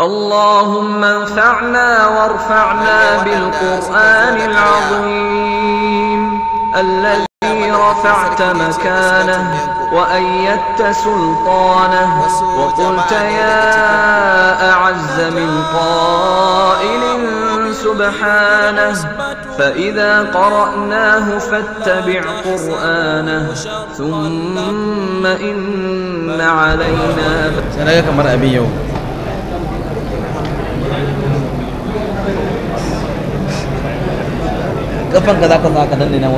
اللهم انفعنا وارفعنا بالقرآن العظيم الذي رفعت مكانه وأيدت سلطانه وقلت يا أعز من قائل سبحانه فإذا قرأناه فاتبع قرآنه ثم إن علينا سنلقى مرأة بيوم كفن كذا كذا كذا danne na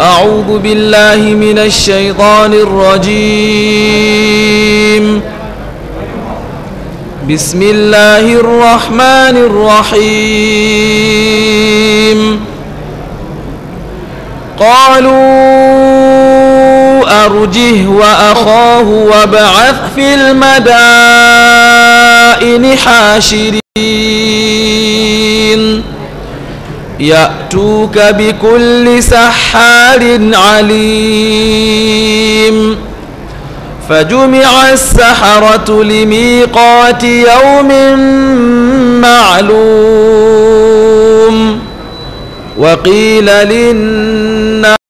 أعوذ بالله من الشيطان الرجيم بسم الله الرحمن الرحيم قالوا أرجه وأخاه وابعث في المدائن حاشرين يأتوك بكل سحار عليم فجمع السحرة لميقات يوم معلوم وقيل للناس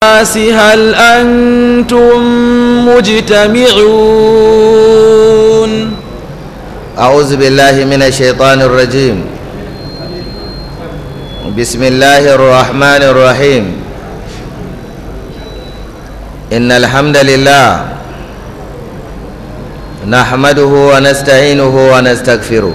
الناس هل أنتم مجتمعون أعوذ بالله من الشيطان الرجيم بسم الله الرحمن الرحيم إن الحمد لله نحمده ونستعينه ونستغفره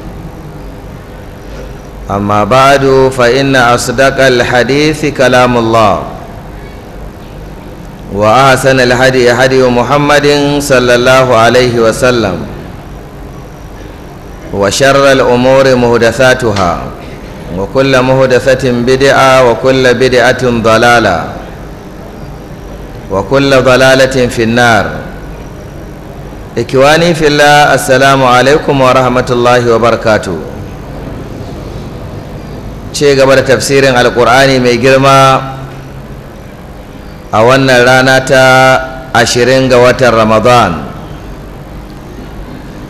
أما بعد فإن أصدق الحديث كلام الله وأحسن الهدي هدي محمد صلى الله عليه وسلم وشر الأمور مهدثاتها وكل مهدثة بدعة وكل بدعة ضلالة وكل ضلالة في النار إكواني في الله السلام عليكم ورحمة الله وبركاته ce gaba da tafsirin alkur'ani mai girma a wannan rana ta ashirin ga watan ramadan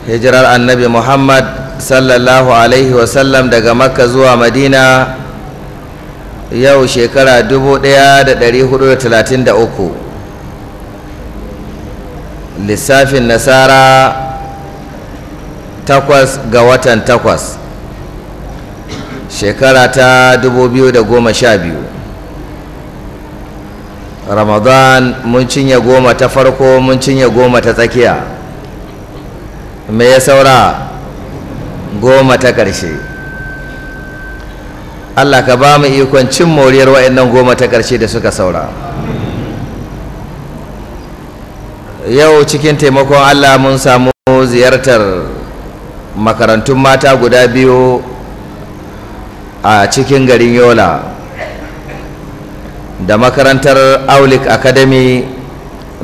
hijirar annabi muhammad sallallahu alaihi wasallam daga makka zuwa madina yau shekara 1433 lissafin nasara takwas ga watan takwas shekara ta 2012 ramadan mun cinye goma ta farko mun cinye goma ta tsakiya me ya saura goma ta ƙarshe allah ka ba mu ikon cin moriyar wa'annan goma ta ƙarshe da suka saura yau cikin taimakon allah mun samu ziyartar makarantun mata guda biyu a cikin garin yola da makarantar aulik academy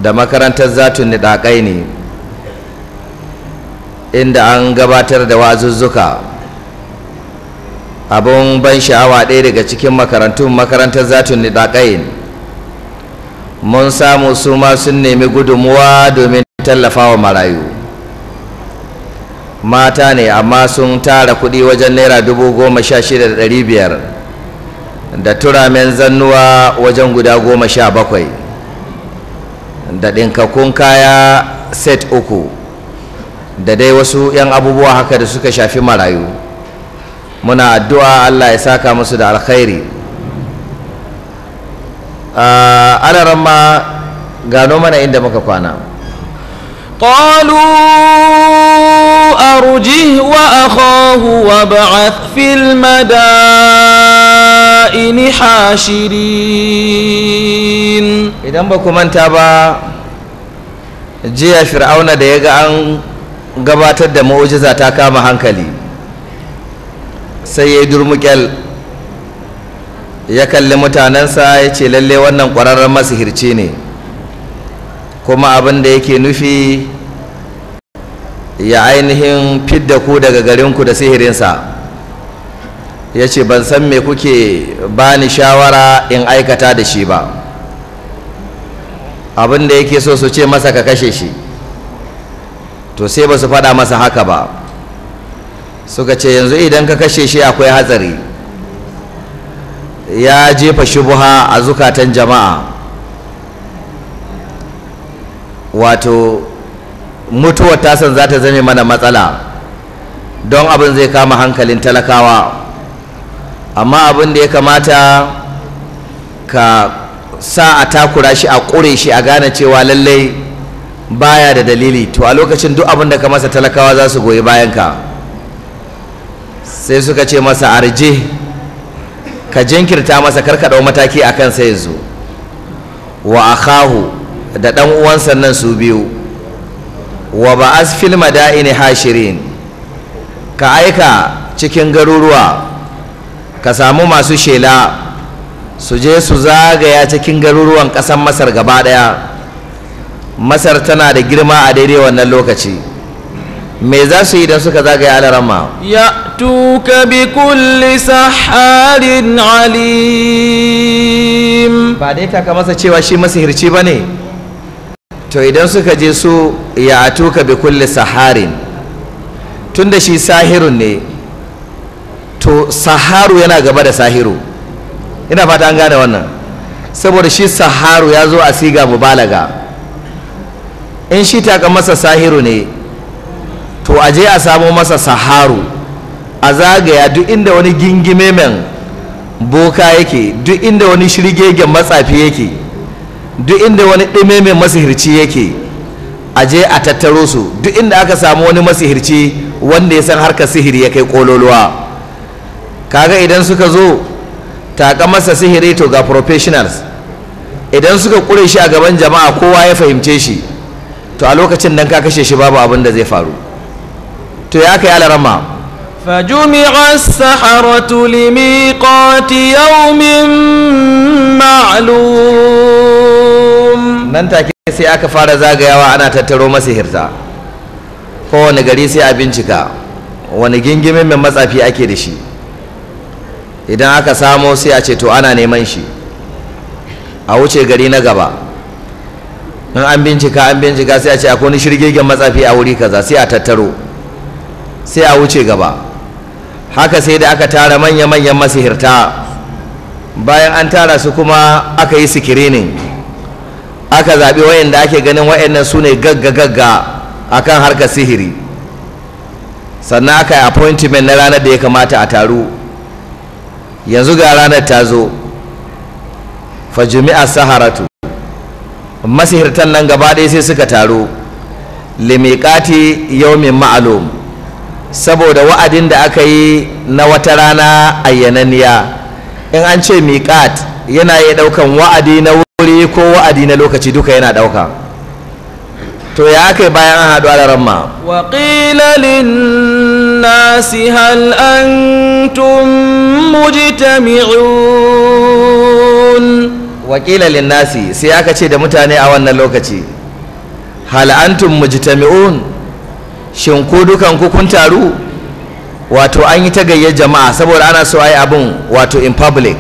da makarantar zatun nidakai ne inda an gabatar da wazuzzuka abun ban sha'awa ɗaya daga cikin makarantun makarantar zatun nidakai mun samu su ma sun nemi gudunmuwa domin tallafawa marayu mata ne amma sun tara kuɗi wajen naira dubu goma sha shida da ɗari biyar da turamen zannuwa wajen guda goma sha bakwai da ɗinkakun kaya set uku da dai wasu 'yan abubuwa haka da suka shafi marayu muna addu'a allah ya saka musu da alkhairi anaran ma gano mana inda muka kwana قالوا أرجه وأخاه وابعث في ba حاشرين إذا بكم أنت أبا جاء فرعون ديغا أن gabatar da mu'ujiza ta kama hankali sai ya yi durmukel ya kalli mutanensa ya ce lalle wannan ƙwararren masihirci ne kuma abin da yake nufi ya ainihin fidda ku daga garinku da sihirinsa ya ce ban san me kuke ba ni shawara in aikata da shi ba abin da yake so su ce masa ka kashe shi to sai ba su faɗa masa haka ba suka ce yanzu idan ka kashe shi akwai hatsari ya jefa shubuha a zukatan jama'a wato mutuwar tasan za ta zame mana matsala don abin zai kama hankalin talakawa amma abin da ya kamata ka sa a takura shi a ƙure shi a gane cewa lallai baya da dalili to a lokacin duk abin da ka masa talakawa za su goyi ka sai suka ce masa arje ka jinkirta masa karka ɗau mataki a kan sai zo wa akahu da ɗan uwansa nan su biyu wa ba ba'as fil madaini hashirin ka aika cikin garuruwa ka samu masu shela su je su zagaya cikin garuruwan ƙasar masar gaba ɗaya masar tana da girma a daidai wannan lokaci me za su yi don suka zagaya alarama ya tuka bi kulli saharin alim ba dai ka masa cewa shi masihirci ba ne to idan suka je su ya tuka bi kulli saharin tunda shi sahirun ne to saharu yana gaba da sahiru ina fata an gane wannan saboda shi saharu ya zo a siga mubalaga in shi taka masa sahiru ne to a je a samo masa saharu a zagaya duk inda wani gingime boka yake duk inda wani shirgegen matsafi yake duk inda wani ɗime mai masihirci yake a je a tattaro su duk inda aka samu wani masihirci wanda ya san harkar sihiri ya kai kololuwa kaga idan suka zo taka masa sihiri to ga professionals idan suka ƙure shi a gaban jama'a kowa ya fahimce shi to a lokacin nan ka kashe shi babu abin da zai faru to ya kai alarama فجمع السحرة لميقات يوم معلوم منهم nan take sai aka fara zagayawa ana tattaro masihirta kowane gari sai a bincika wani gingimin mai matsafi ake da shi idan aka samo sai a ce to ana neman shi a wuce gari na gaba in an bincika an bincika sai a ce akwai wani shirgegen matsafi a wuri kaza sai a tattaro sai a wuce gaba haka sai da aka tara manya-manyan masihirta bayan an tara su kuma aka yi sikirinin aka zaɓi wayan wayanda ake ganin wayan nan su ne gagga gagga kan harkar sihiri sannan aka yi appointment na ranar da ya kamata a taru yanzu ga ranar ta zo fajumi'a saharatu masihirtan nan gaba ɗaya sai suka taru limiƙati yaumin ma'alum saboda wa'adin da aka yi na wata rana ayyananniya in an ce miƙat yana iya ɗaukan wa'adi na yi ko wa'adi na lokaci duka yana ɗauka to ya aka bayan an haɗu alaran ma waƙila nasi hal antum mujtami'un waƙila nasi sai aka ce da mutane a wannan lokaci hal'antun antum mujtami'un shin ku dukan kun taru wato an yi ta gayyar jama'a saboda ana so a yi abun wato in public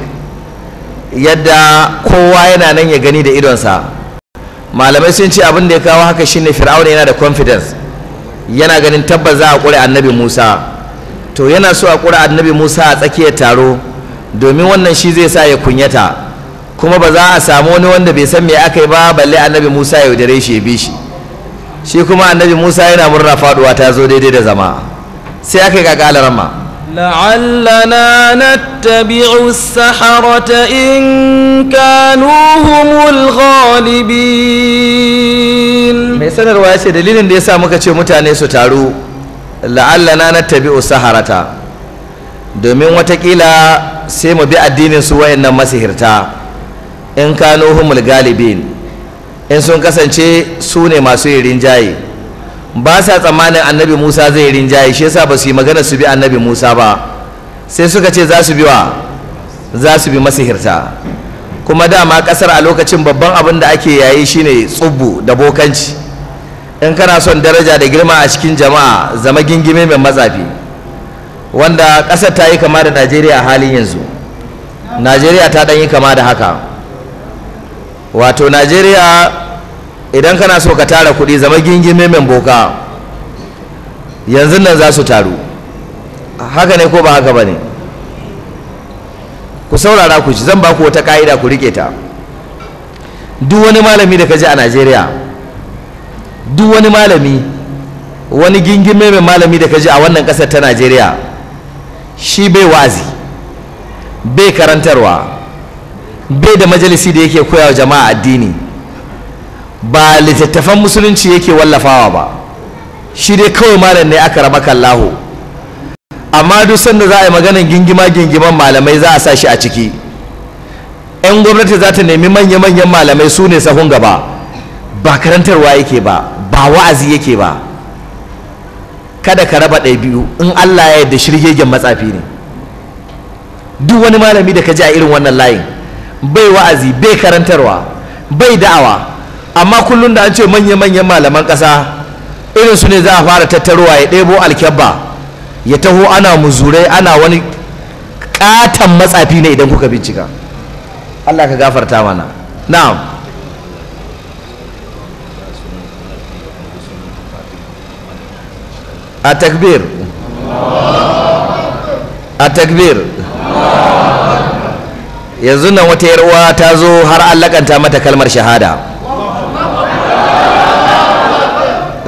yadda kowa yana nan ya gani da idonsa malamai sun ce abin da ya kawo haka shine fir'auna yana da confidence yana ganin tabbas za a ƙure annabi musa to yana so a ƙure annabi musa a tsakiyar taro domin wannan shi zai sa ya kunyata kuma ba za a samu wani wanda bai san me aka yi ba balle annabi musa ya yaudare shi ya bi shi shi kuma annabi musa yana murna faduwa ta zo daidai da zama sai aka yi kakalar rama لعلنا نتبع السحرة إن كانوا هم الغالبين mai sanarwa ya ce dalilin da ya sa muka ce mutane su taru la'allana na tabi'u saharata domin watakila sai mu bi addinin su wayannan masihirta in kano humul galibin in sun kasance su ne masu yi rinjaye ba sa tsammanin annabi musa zai rinjaye shi yasa ba su yi magana su bi annabi musa ba sai suka ce za su bi wa za su bi masihirta kuma dama kasar a lokacin babban abin da ake yayi shine tsubbu da bokanci in kana son daraja da girma a cikin jama'a zama gingime mai matsafi wanda kasar ta yi kama da najeriya a halin yanzu najeriya ta dan yi kama da haka wato najeriya idan kana so ka tara kuɗi zama gingime mai boka yanzu nan za su taru haka ne ko ba haka ba ne ku saurara ku ci zan ba ku wata ka'ida ku rike ta duk wani malami da ka ji a najeriya duk wani malami wani gingime mai malami da ka ji a wannan ƙasar ta najeriya shi bai wazi bai karantarwa bai da majalisi da yake koya wa jama'a addini ba littattafan musulunci yake wallafawa ba shi dai kawai malam ne aka raba kallahu amma duk sanda za a yi maganar gingima gingiman malamai za a sa shi a ciki 'yan gwamnati za ta nemi manya-manyan malamai su ne sahun gaba ba karantarwa yake ba ba wa'azi yake ba kada ka raba ɗaya biyu in allah ya yarda shirgegen matsafi ne duk wani malami da ka ji a irin wannan layin bai wa'azi bai karantarwa bai da'awa amma kullum da an ce manya-manyan malaman ƙasa irin su ne za a fara tattarowa ya ɗebo alkyabba ya taho ana muzurai ana wani ƙaton matsafi ne idan kuka bincika allah ka gafarta mana na'am a takbir a yanzu nan wata yarwa ta zo har an lakanta mata kalmar shahada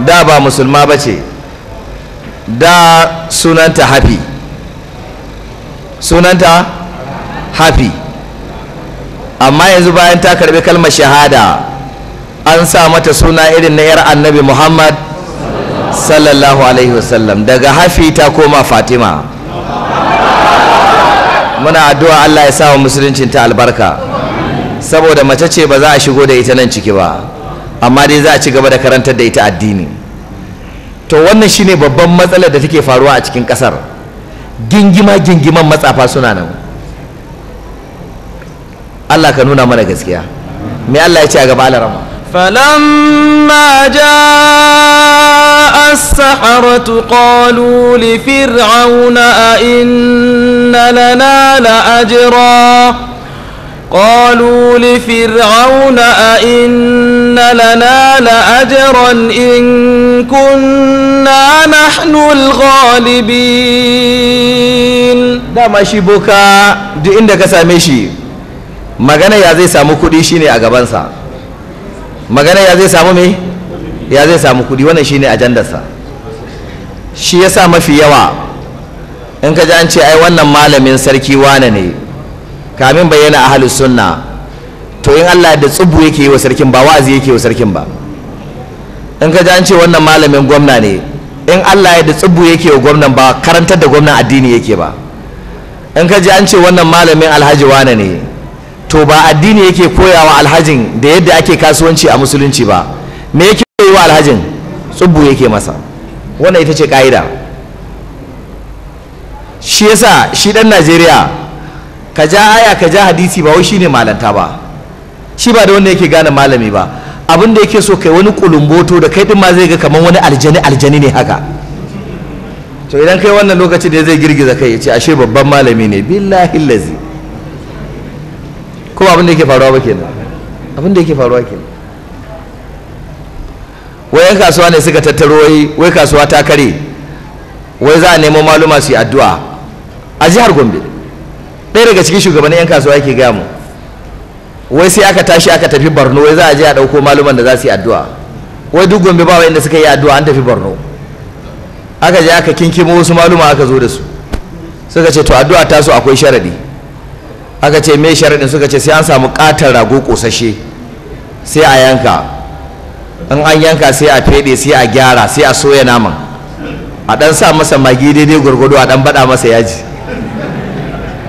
da ba musulma ba ce da sunanta hafi sunanta hafi amma yanzu bayan ta karbi kalmar shahada an sa mata suna irin na yar annabi muhammad sallallahu alaihi wasallam daga hafi ta koma fatima muna addu'a allah ya sa wa musuluncin ta albarka saboda mace ce ba za a shigo da ita nan ciki ba amma dai za a ci gaba da karantar da ita addini to wannan shine babban matsalar da take faruwa a cikin kasar gingima gingiman matsafa suna nan Allah ka nuna mana gaskiya me Allah ya ce a gaba alarama فلما جاء السحرة a inna lana la ajra قالوا لفرعون أئن لنا لأجرا إن كنا نحن الغالبين dama shi boka duk inda ka same shi magana ya zai samu kudi shine a gabansa magana ya zai samu me ya zai samu kuɗi wannan shine ajandarsa shi ya sa mafi yawa in ka ji an ce ai wannan malamin sarki wane ne kamin bayyana ahlus sunna to in Allah da tsubu yake yi wa sarkin ba wa'azi yake wa sarkin ba in ka ji an ce wannan malamin gwamna ne in Allah ya da tsubu yake wa gwamnan ba karantar da gwamnan addini yake ba in ka ji an ce wannan malamin alhaji wane ne to ba addini yake koyawa alhajin da yadda ake kasuwanci a musulunci ba me yake yi wa alhajin tsubu yake masa wannan ita ce ka'ida shi yasa shi dan Najeriya ka ja aya ka ja hadisi ba wai shine malanta ba shi ba da wanda yake gane malami ba abin da yake so kai wani kulumboto da kai din ma zai ga kamar wani aljani aljani ne haka to idan kai wannan lokaci da zai girgiza kai ya ce ashe babban malami ne billahi lazi kuma abin da yake faruwa ba kenan abin da yake faruwa kenan wai yan kasuwa ne suka tattaro wai wai kasuwa ta kare wai za a nemo maluma su yi addu'a a jihar Gombe ɗaya daga cikin shugabannin 'yan kasuwa yake gaya mu wai sai aka tashi aka tafi borno wai za a je a ɗauko maluman da za su yi addu'a wai duk gombe ba wanda suka yi addu'a an tafi borno aka je aka kinkimo wasu maluma aka zo da su suka ce to addu'a ta su akwai sharadi aka ce me sharadin suka ce sai an samu katar rago kosashe sai a yanka in an yanka sai a fede sai a gyara sai a soya naman a dan sa masa magi daidai gwargwado a dan bada masa yaji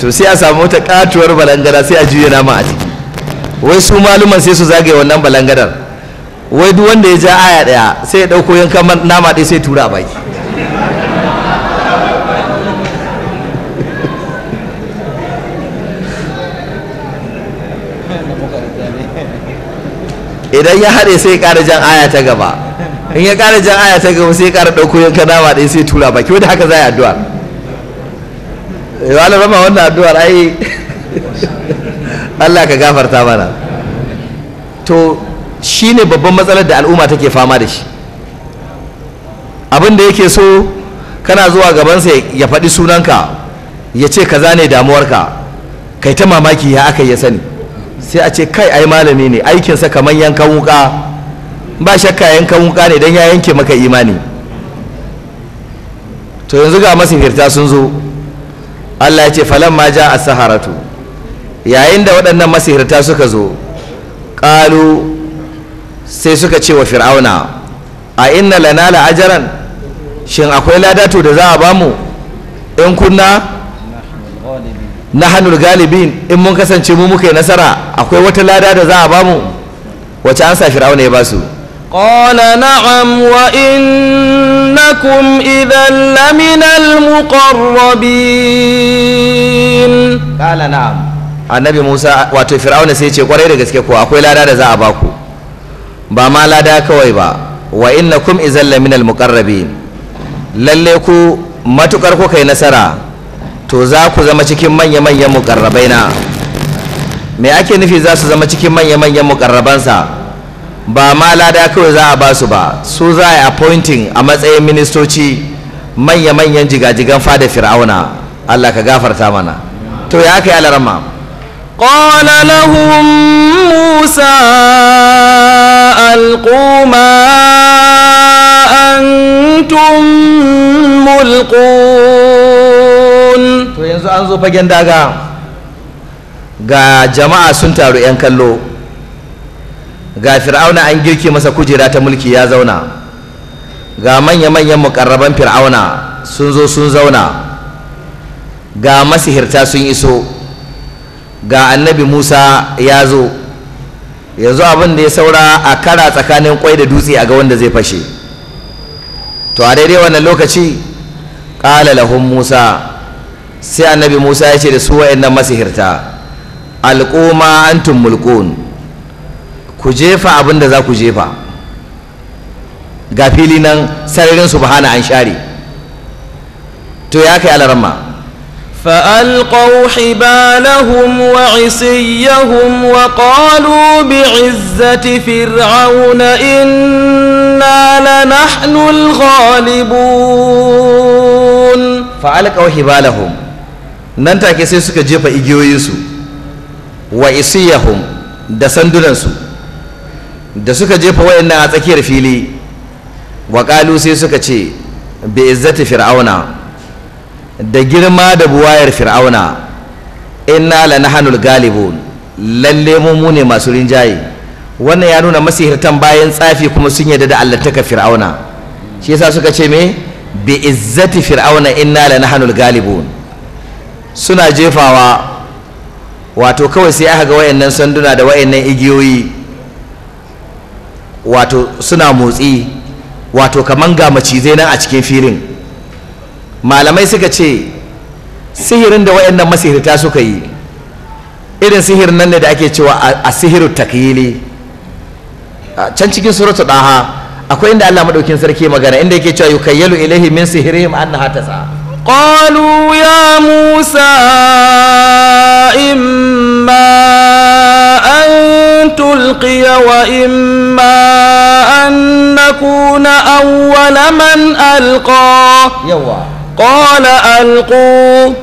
to sai a samu wata katuwar balangara sai a juya na a ciki wai su maluman sai su zagaye wannan balangarar wai duk wanda ya ja aya daya sai ya dauko yankan nama dai sai tura a baki idan ya haɗe sai ya ƙara jan aya ta gaba in ya ƙara jan aya ta gaba sai ya ƙara ɗauko yankan nama ɗaya sai tura baki wanda haka za a yi addu'a wala eh, rama wannan addu'ar ai [LAUGHS] Allah ka gafarta mana to ne babban matsalar da al'umma take fama da shi abin da yake so kana zuwa gabansa ya faɗi sunanka ya ce kaza ne damuwarka kai ta mamaki ya aka ya sani sai a ce kai ai malami ne aikinsa kamar yankan wuka ba shakka yankan wuka ne don ya yanke maka imani to yanzu ga masihirta sun zo Allah ya ce falan ma ja a saharatu yayin da waɗannan masihirta suka zo ƙalu sai suka ce wa fir'auna a inna lana la ajaran shin akwai ladatu da za a bamu in kunna na hannun galibin in mun kasance mu muka yi nasara akwai wata lada da za a bamu wace ansa fir'auna ya basu qala na'am wa in إنكم إذا لمن المقربين Musa wato Fir'auna sai ce kwarai da gaske ko akwai lada da za a baku ba ma lada kawai ba wa innakum izal laminal muqarrabin lalle ku matukar ku kai nasara to za ku zama cikin manya-manyan muqarrabaina me ake nufi za su zama cikin manya-manyan muqarrabansa ba ma lada kawai za a ba su ba su za a appointing a matsayin ministoci manya-manyan jigajigan fada fir'auna Allah ka gafarta mana to ya kai yi alarama ƙwala lahun musa alƙuma mulkun to yanzu an zo fagen daga ga jama'a sun taru 'yan kallo ga fir'auna an girke masa kujera ta mulki ya zauna ga manya-manyan mukarraban fir'auna sun zo sun zauna ga masihirta sun iso ga annabi musa ya zo yanzu abin da ya saura a kara tsakanin kwai da dutse a ga wanda zai fashe to a daidai wannan lokaci ƙala lahun musa sai annabi musa ya ce da su nan masihirta alƙoma antum mulkun ku jefa abinda za ku jefa ga fili nan sararin subhana an share to ya kai alarama fa’alƙau hibalahun wa isiyahun wa ƙwalu bi izzati fir'auna inna la na hannun ghalibun fa’alƙau hibalahun nan take sai suka jefa igiyoyinsu wa da sandunansu da suka jefa wayannan a tsakiyar fili waƙalu sai suka ce bi izzati fir'auna da girma da buwayar fir'auna inna la nahanul galibun lalle mu ne masu rinjaye wannan ya nuna masihirtan bayan tsafi kuma sun yarda da allataka fir'auna shi yasa suka ce me bi izzati fir'auna inna la nahanul galibun suna jefawa wato kawai sai aka ga wayannan sanduna da wayannan igiyoyi wato suna motsi wato kaman ga macizai na a cikin filin malamai suka ce sihirin da wayannan masihirta suka yi irin sihirin nan ne da ake cewa a sihiru takyili can cikin suratu daha akwai inda Allah madaukin sarki magana inda yake cewa yukayyalu ilaihi min sihirihim annaha tasa قالوا يا موسى إما أن تلقي وإما أن نكون أول من ألقى قال ألقوا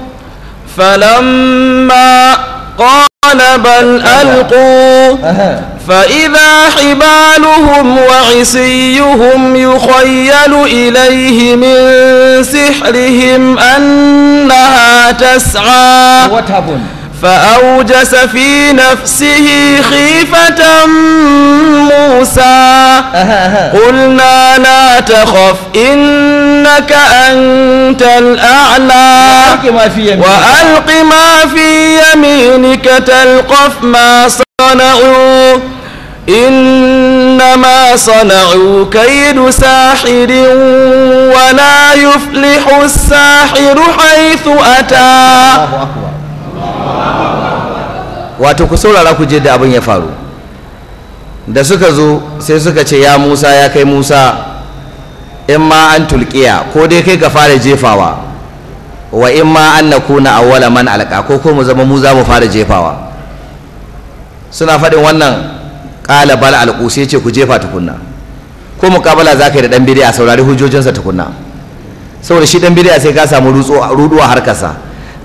فلما قال قال بل ألقوا فإذا حبالهم وعصيهم يخيل إليه من سحرهم أنها تسعى فأوجس في نفسه خيفة موسى قلنا لا تخف إنك أنت الأعلى وألق ما في يمينك تلقف ما صنعوا إنما صنعوا كيد ساحر ولا يفلح الساحر حيث أتى الله أكبر wato ku saurara ku je da abin ya faru da suka zo sai suka ce ya musa ya kai musa in ma an tulkiya ko dai kai ka fara jefawa wa in ma an na kuna awwala man alka ko ko mu zama mu za mu fara jefawa suna faɗin wannan ƙala bal alƙu sai ce ku jefa tukunna ko muƙabala za ka yi da ɗan bidiya saurari hujjojinsa tukunna saboda shi ɗan bidiya sai ka samu ruɗuwa harkarsa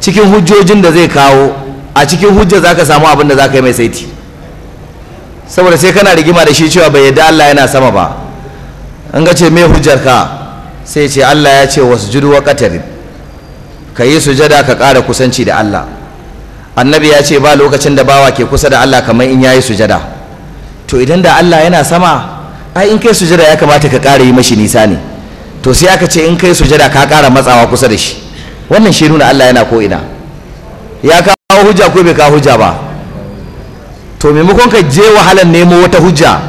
cikin hujjojin da zai kawo a cikin hujja za ka samu abin da za ka yi mai saiti saboda sai kana rigima da shi cewa bai yadda Allah yana sama ba an ga ce me hujjar ka sai ce Allah ya ce wasu judu wa katari ka yi sujada ka ƙara kusanci da Allah annabi ya ce ba lokacin da bawa ke kusa da Allah kamar in ya yi sujada to idan da Allah yana sama ai in kai sujada ya kamata ka ƙara yi mashi nisa ne to sai aka ce in kai sujada ka ƙara matsawa kusa da shi wannan shi nuna Allah yana ko ina ya kawo hujja ko bai kawo hujja ba to maimakon ka je wahalar nemo wata hujja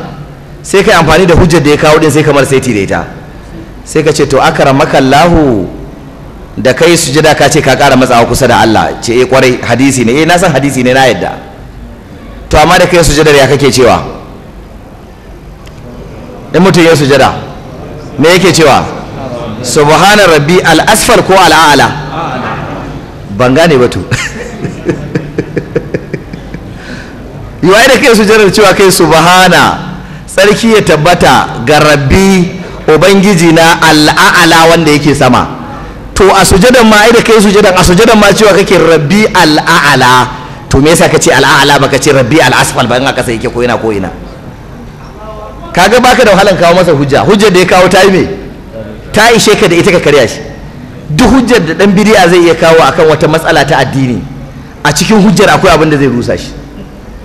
sai ka amfani da hujjar da ya kawo din sai kamar sai tire ta sai ka ce to akara makallahu da kai su jada ka ce ka kara matsawa kusa da Allah ce eh kwarai hadisi ne eh na san hadisi ne na yadda to amma da kai su sujada ya kake cewa in mutum ya jada me yake cewa subhana rabbi al asfar ko al a'la ban gane ba to [LAUGHS] yiwaye da kai sujadar cewa kai bahana tsarki ya tabbata ga rabbi ubangiji na al'a'ala wanda yake sama to a sujadan ma aida da kai sujadan a sujadan ma cewa kake rabbi al'a'ala to me yasa kace al'a'ala baka ce rabbi al'asfal ba in aka sai yake ko ina ko ina kaga baka da wahalan kawo masa hujja hujjar da ya kawo ta yi me ta ishe ka da ita ka karya shi duk hujjar da dan bidi'a zai iya kawo akan wata matsala ta addini a cikin hujjar akwai abin da zai rusa shi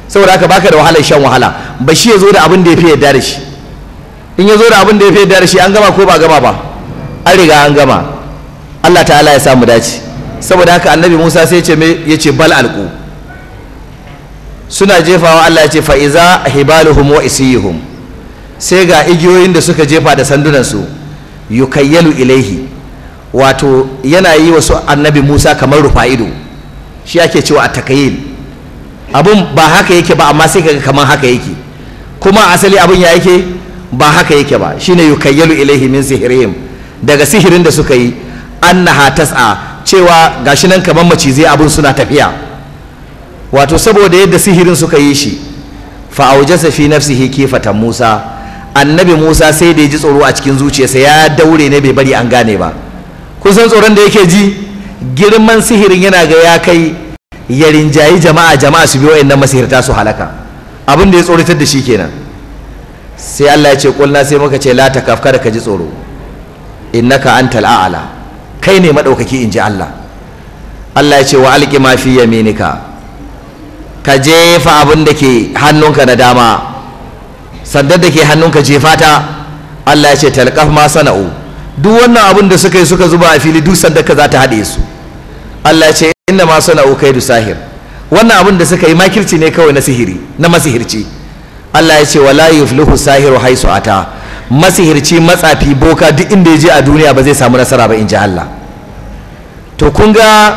saboda haka baka da wahalar shan wahala ba shi ya zo da abin da ya fi yadda da shi in ya zo da abin da ya fi yadda da shi an gama ko ba gama ba an riga an gama Allah ta'ala ya samu dace saboda haka annabi Musa sai ce ya ce bal alqu suna jefawa Allah ya ce fa iza hibaluhum wa isihum sai ga igiyoyin da suka jefa da sandunan su yukayyalu ilaihi wato yana yi wasu annabi Musa kamar rufa ido shi ake cewa a takayin abun ba haka yake ba amma sai kaga kamar haka yake kuma asali abun ya yake ba haka yake ba shine yukayyalu ilaihi min sihirihim daga sihirin da suka yi annaha tas'a cewa gashi nan kamar macizai abin suna tafiya wato saboda yadda sihirin suka yi shi fa aujasa fi nafsihi kifatan Musa annabi Musa sai da ya ji tsoro a cikin zuciyarsa ya daure ne bai bari an gane ba kun san tsoron da yake ji girman sihirin yana ga ya kai ya rinjayi jama'a jama'a su biyo wayannan masihirta su halaka abin da ya tsoratar da shi kenan sai Allah ya ce kulna sai muka ce la takaf kada ka ji tsoro innaka antal a'la kai ne madaukaki in ji Allah Allah ya ce wa alqi ma fi yaminika ka jefa abin da ke hannunka na dama sandar da ke hannunka jefa ta Allah ya ce talqaf ma sana'u duk wannan abin da suka yi suka zuba a fili duk sandar ka za ta haɗe su Allah ya ce inna ma suna ukaidu sahir wannan abin da suka yi makirci ne kawai na sihiri na masihirci Allah ya ce wala yuflihu sahiru haisu ata masihirci matsafi boka duk inda ya je a duniya ba zai samu nasara ba in ji Allah to kun ga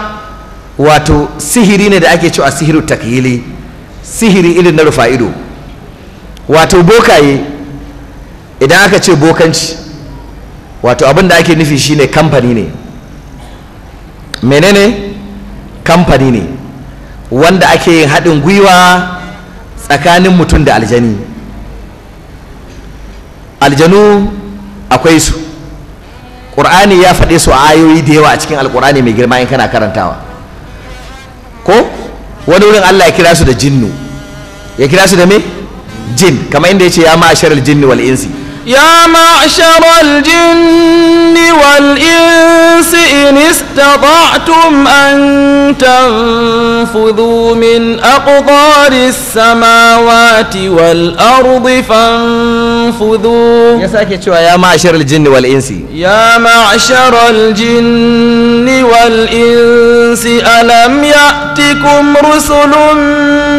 wato sihiri ne da ake cewa sihiru takyili sihiri irin na rufa ido wato bokaye idan aka ce bokanci wato abin da ake nufi shine kamfani ne menene kamfani ne wanda ake yin haɗin gwiwa tsakanin mutum da aljani aljanu akwai su ƙur'ani ya faɗe su a ayoyi da yawa a cikin alƙur'ani mai girma in kana karantawa ko wani wurin allah ya kira su da jinnu ya kira su da me jin kamar inda ya ce ya ma'ashar jinni wal insi يا معشر الجن والإنس إن استطعتم أن تنفذوا من أقطار السماوات والأرض فانفذوا يا معشر الجن والإنس يا معشر الجن والإنس ألم يأتكم رسل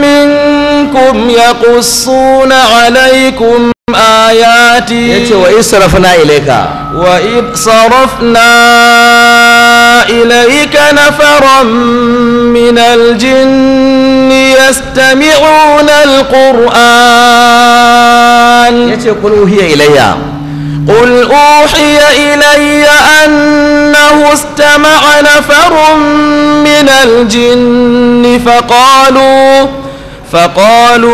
من ربكم يقصون عليكم آياتي يتي وإذ صرفنا إليك وإذ صرفنا إليك نفرا من الجن يستمعون القرآن يتي قل أوحي إلي قل أوحي إلي أنه استمع نفر من الجن فقالوا فقالوا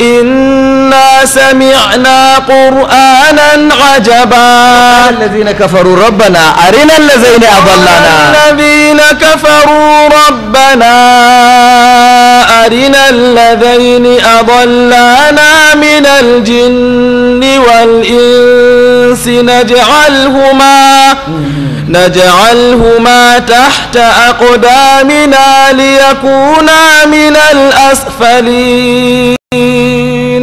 إنا سمعنا قرآنا عجبا الذين كفروا ربنا أرنا الذين أضلنا الذين كفروا ربنا أرنا الذين أضلانا من الجن والإنس نجعلهما نجعلهما تحت أقدامنا ليكونا من الأسفلين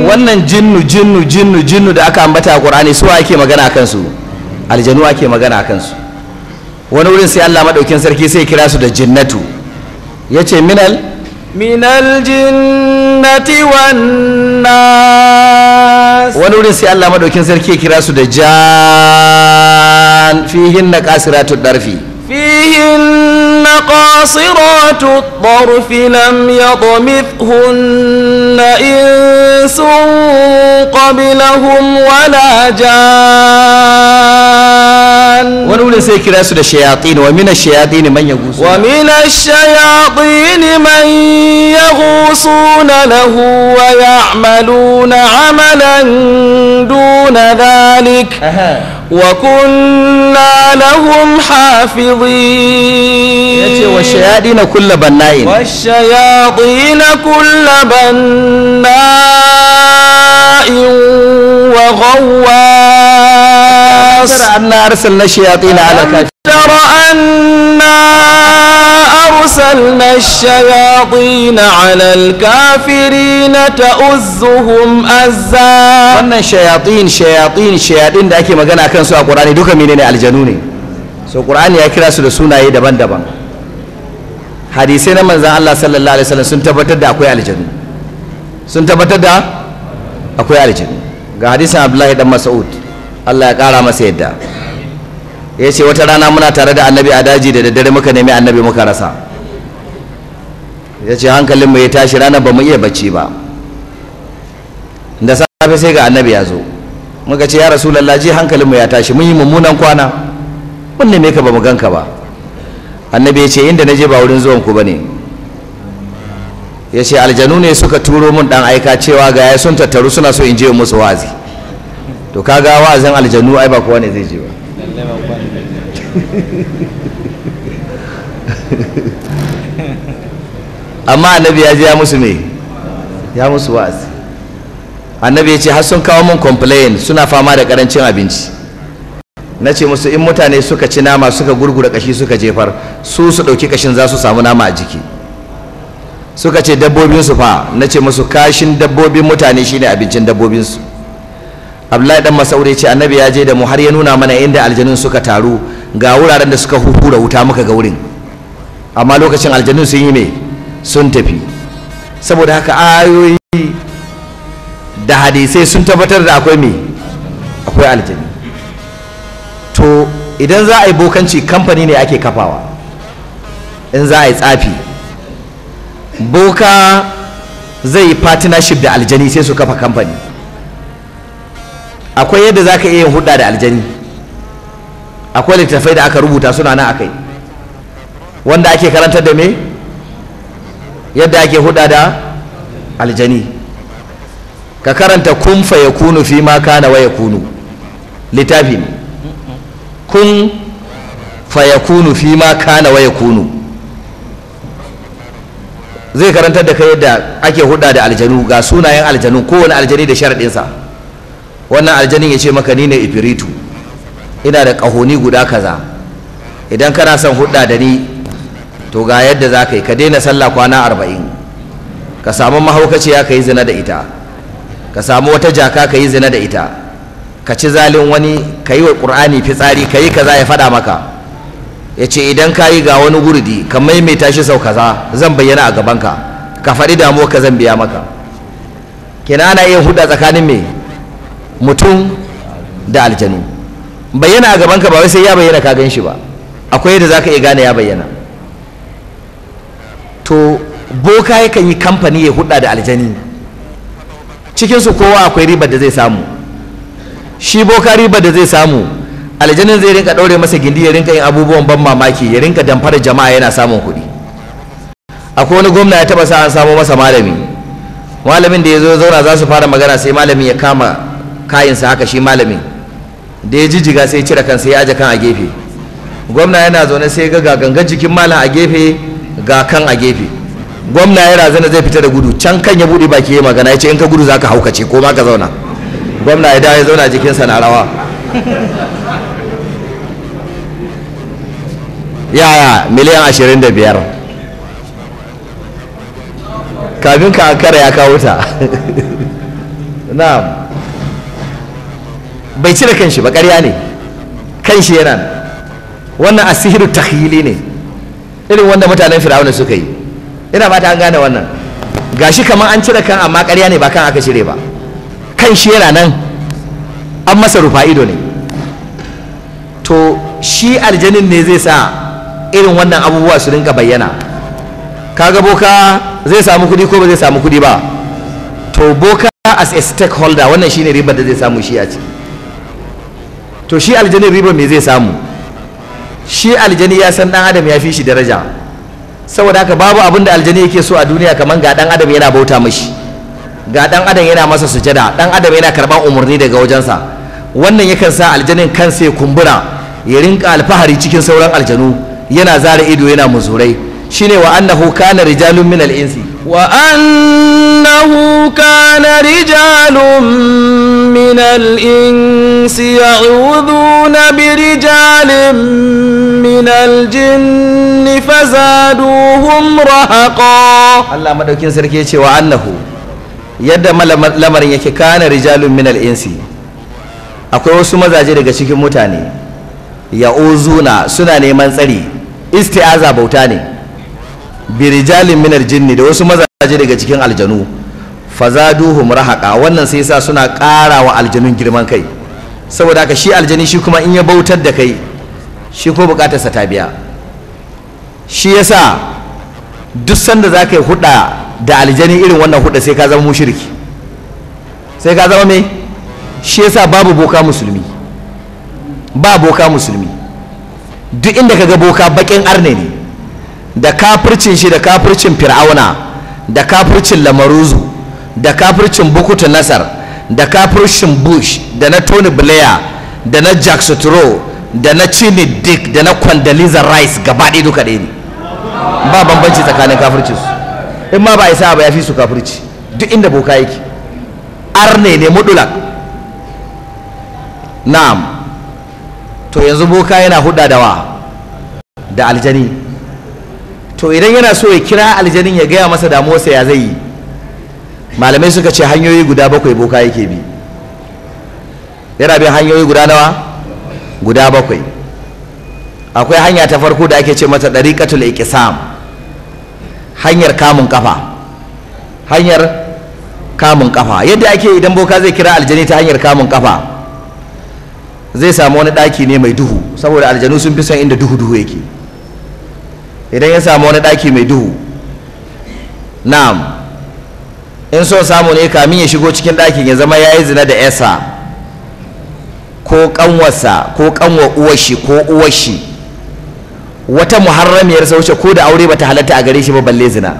wannan jinnu jinnu jinnu jinnu da aka ambata a Qur'ani su ake magana a su aljanu ake magana a su wani wurin sai Allah madaukin sarki sai kira su da jinnatu yace minal minal jinn الجنة والناس ونورين سي الله مدوكين سركي كراسو دجان فيهن قاسرات الطرف فيهن قاصرات الطرف لم يطمثهن إنس قبلهم ولا جان wani wuri sai kira su da shayatin wa shayatin man ya gusu wa shayatin man ya gusu na lahu wa ya amalu na amalan duna dalik wa kunna lahum hafizi yace wa shayatin kullu banna'in wa shayatin kullu banna'in وغواص ترى أن أرسلنا الشياطين على كافرين ترى أرسلنا الشياطين على الكافرين تؤزهم أزا wannan shayatin shayatin shayatin da ake magana akan su a Qur'ani duka menene aljanu ne so Qur'ani ya kira su da sunaye daban-daban hadisai na manzon Allah sallallahu alaihi wasallam sun tabbatar da akwai aljanu sun tabbatar da akwai aljin ga hadisan abdullahi dan mas'ud Allah ya kara masa yadda ya ce wata rana muna tare da annabi a daji da daddare muka nemi annabi muka rasa ya ce hankalinmu ya tashi rana ba mu iya bacci ba da safe sai ga annabi ya zo muka ce ya rasu lallaji mu ya tashi mun yi mummunan kwana mun neme ka ba mu ganka ba annabi ya ce inda na je ba wurin zuwan ku ba ne ya ce aljanu ne suka turo mun dan aika cewa ga ya sun tattaru suna so in je musu wazi to kaga wazin aljanu ai ba kowa ne zai je ba [LAUGHS] amma annabi ya je ya musu ne ya musu wazi annabi ya ce har sun kawo mun complain suna fama da karancin abinci na ce musu in mutane suka ci nama suka gurgura kashi suka jefar su su ɗauki kashin za su samu nama a jiki suka ce dabbobin su fa na ce musu kashin dabbobin mutane shine abincin dabbobinsu abdullahi dan masaure ce annabi ya je da mu har ya nuna mana inda aljanun suka taru ga wuraren da suka hura wuta muka ga wurin amma lokacin aljanun sun yi me sun tafi saboda haka ayoyi da hadisai sun tabbatar da akwai me akwai aljanu to idan za a yi bokanci kamfani ne ake kafawa in za a yi tsafi boka zai yi partnership da aljani sai su kafa kamfani akwai yadda za ka iya yin hudda da aljani akwai littafai da aka rubuta suna nan akai wanda ake karantar da me yadda ake hudda da aljani ka karanta kun fa ya kunu fi ma kana wa kunu littafi kun fa kunu fi ma kana wa kunu zai karantar da kai yadda ake hudda da aljanu ga sunayen aljanu kowane aljani da sharaɗinsa wannan aljanin ya ce maka ni ne ifiritu ina da ƙahoni guda kaza idan kana son hudda da ni to ga yadda za ka yi ka daina sallah kwana arba'in ka samu mahaukaciya ka yi zina da ita ka samu wata jaka ka yi zina da ita ka ci zalin wani ka yi wa ƙur'ani fitsari ka yi kaza ya faɗa maka ya ce idan ka yi ga wani gurdi ka maimaita shi sau kaza zan bayyana a gabanka ka faɗi damuwa ka zan biya maka kina ana yin huda tsakanin me mutum da aljanu bayyana a gabanka ba wai sai ya bayyana ka gan shi ba akwai yadda za ka iya gane ya bayyana to boka yakan yi kamfani ya huda da aljani cikinsu kowa akwai ribar da zai samu shi boka ribar da zai samu aljanin zai rinka ɗaure masa gindi ya rinka yin abubuwan ban mamaki ya rinka damfara jama'a yana samun kuɗi akwai wani gwamna ya taɓa sa an samo masa malami malamin da ya zo zauna za su fara magana sai malamin ya kama kayansa haka shi malamin da ya jijjiga sai cire kan sai ya aje kan a gefe gwamna yana zaune sai ga gangan jikin malam a gefe ga kan a gefe gwamna ya razana zai fita da gudu can kan ya buɗe baki ya magana ya ce in ka gudu za ka haukace ko ma ka zauna gwamna ya dawo ya zauna jikinsa na rawa yaya [LAUGHS] miliyan ashirin da biyar kafin ka kare ya kawo ta [LAUGHS] na bai cire kanshi ba ƙarya ne kanshi yana wannan asihiru takhili ne irin wanda mutanen firawuna suka yi ina fata an gane wannan gashi kamar an cire kan amma ƙarya ne ba kan aka cire ba kan shi yana nan an masa rufa ido ne to shi aljanin ne zai sa irin wannan abubuwa su rinka bayyana kaga boka zai samu kuɗi ko ba zai samu kuɗi ba to boka as a stakeholder wannan shine ribar da zai samu shi a ci to shi aljanin ribar me zai samu shi aljani ya san dan adam ya fi shi daraja saboda haka babu abin da aljani yake so a duniya kamar ga dan adam yana bauta mashi ga dan adam yana masa sujada dan adam yana karban umarni daga wajensa wannan yakan sa aljanin kansa ya kumbura ya rinka alfahari cikin sauran aljanu yana zara ido yana muzurai shine wa annahu kana rijalun minal insi wa annahu kana rijalun minal insi ya'udhuna birijalin minal jinni duhun rahaqa Allah madaukin sarki ce wa annahu yadda lamarin yake kana rijalun minal insi akwai wasu mazaje daga cikin mutane ya uzuna suna neman tsari isti'aza bauta ne birijalin minar jinni da wasu mazaje daga cikin aljanu fazaduhum rahaqa wannan sai yasa suna ƙara wa aljanun girman kai saboda haka shi aljani shi kuma in ya bautar da kai shi ko bukatarsa ta biya shi yasa duk sanda za ka yi huɗa da aljani irin wannan huda sai ka zama mushirki sai ka zama me shi yasa babu boka musulmi ba boka musulmi duk inda kaga boka bakin arne ne da kafircin shi da kafircin fir'auna da kafircin lamaruzu da kafircin bukutu nasar da kafircin bush da na tony blair da na jack sutro da na chini dick da na kwandaliza rice gabaɗaya duka ɗaya ne ba bambanci tsakanin kafircin su in ma ba a isa ba ya fi su kafirci duk inda boka yake arne ne mudulak na'am to yanzu boka yana huda da wa da aljani to idan yana so ya kira aljanin ya gaya masa damuwarsa ya zai yi malamai suka ce hanyoyi guda bakwai boka yake bi yana bin hanyoyi guda nawa guda bakwai akwai hanya ta farko da ake ce mata ɗariƙatul iqsam hanyar kamun kafa hanyar kamun kafa yadda ake idan boka zai kira aljani ta hanyar kamun kafa zai samu wani daki ne mai duhu saboda aljanu sun fi son inda duhu duhu yake idan ya samu wani ɗaki mai duhu na'am in so samu ne kamin ya shigo cikin ɗakin ya zama ya yi zina da yasa ko ƙanwarsa ko ƙanwar uwashi ko uwashi wata muharramiyar sa wuce ko da aure bata halatta a gare shi ba balle zina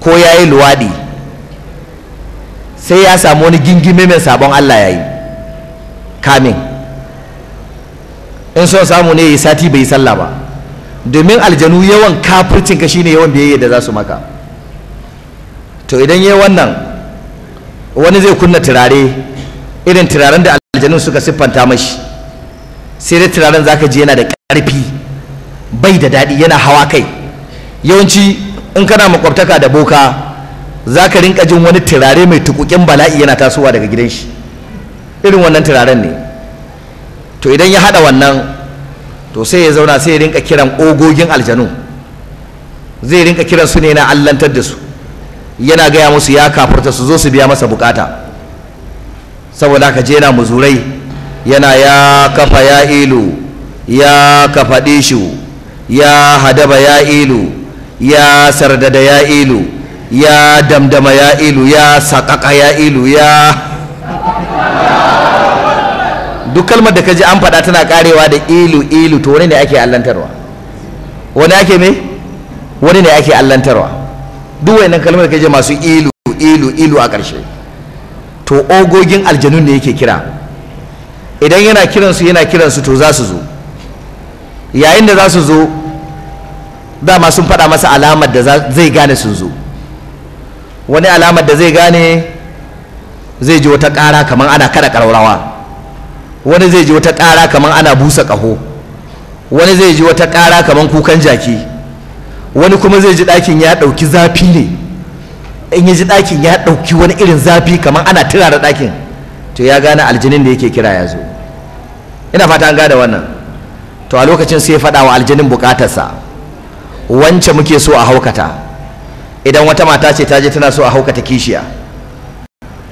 ko ya yi luwaɗi sai ya samu wani gingime mai sabon Allah ya yi kamin in son samu ne yi sati bai sallah ba domin aljanu yawan kafircinka ne yawan biyayya da za su maka to idan yi wannan wani zai kunna turare irin turaren da aljanun suka siffanta mashi sai dai turaren zaka ji yana da ƙarfi bai da daɗi yana hawa kai yawanci in kana makwabtaka da boka zaka rinka jin wani turare mai tukukin bala'i yana tasowa daga gidan shi irin wannan turaren ne to idan ya haɗa wannan to sai ya zauna sai ya rinka kiran ogogin aljanu zai rinka kiran su ne na allantar da su yana gaya musu ya kafarta su zo su biya masa bukata saboda haka je yana muzurai yana ya kafa ya ilu ya kafa dishu ya hadaba ya ilu ya sardada ya ilu ya damdama ya ilu ya sakaka ya ilu ya duk kalmar da ka ji an faɗa tana karewa da ilu ilu to wani ne ake allantarwa wani ake me wani ne ake allantarwa duk wannan kalmar da ka ji masu ilu ilu ilu a ƙarshe to ogogin aljanun ne yake kira idan yana kiransu yana kiransu to za su zo yayin da za su zo dama sun faɗa masa alamar da zai gane sun zo wani alamar da zai gane zai ji wata ƙara kamar ana kada ƙararrawa wani zai ji wata ƙara kamar ana busa ƙaho wani zai ji wata ƙara kamar kukan jaki wani kuma zai ji ɗakin ya ɗauki zafi ne in ya ji ɗakin ya ɗauki wani irin zafi kamar ana turara ɗakin to ya gane aljinin da yake kira ya zo ina fata an gada wannan to a lokacin sai ya faɗa wa aljinin buƙatarsa wancan muke so a haukata idan wata mata ce ta je tana so a haukata kishiya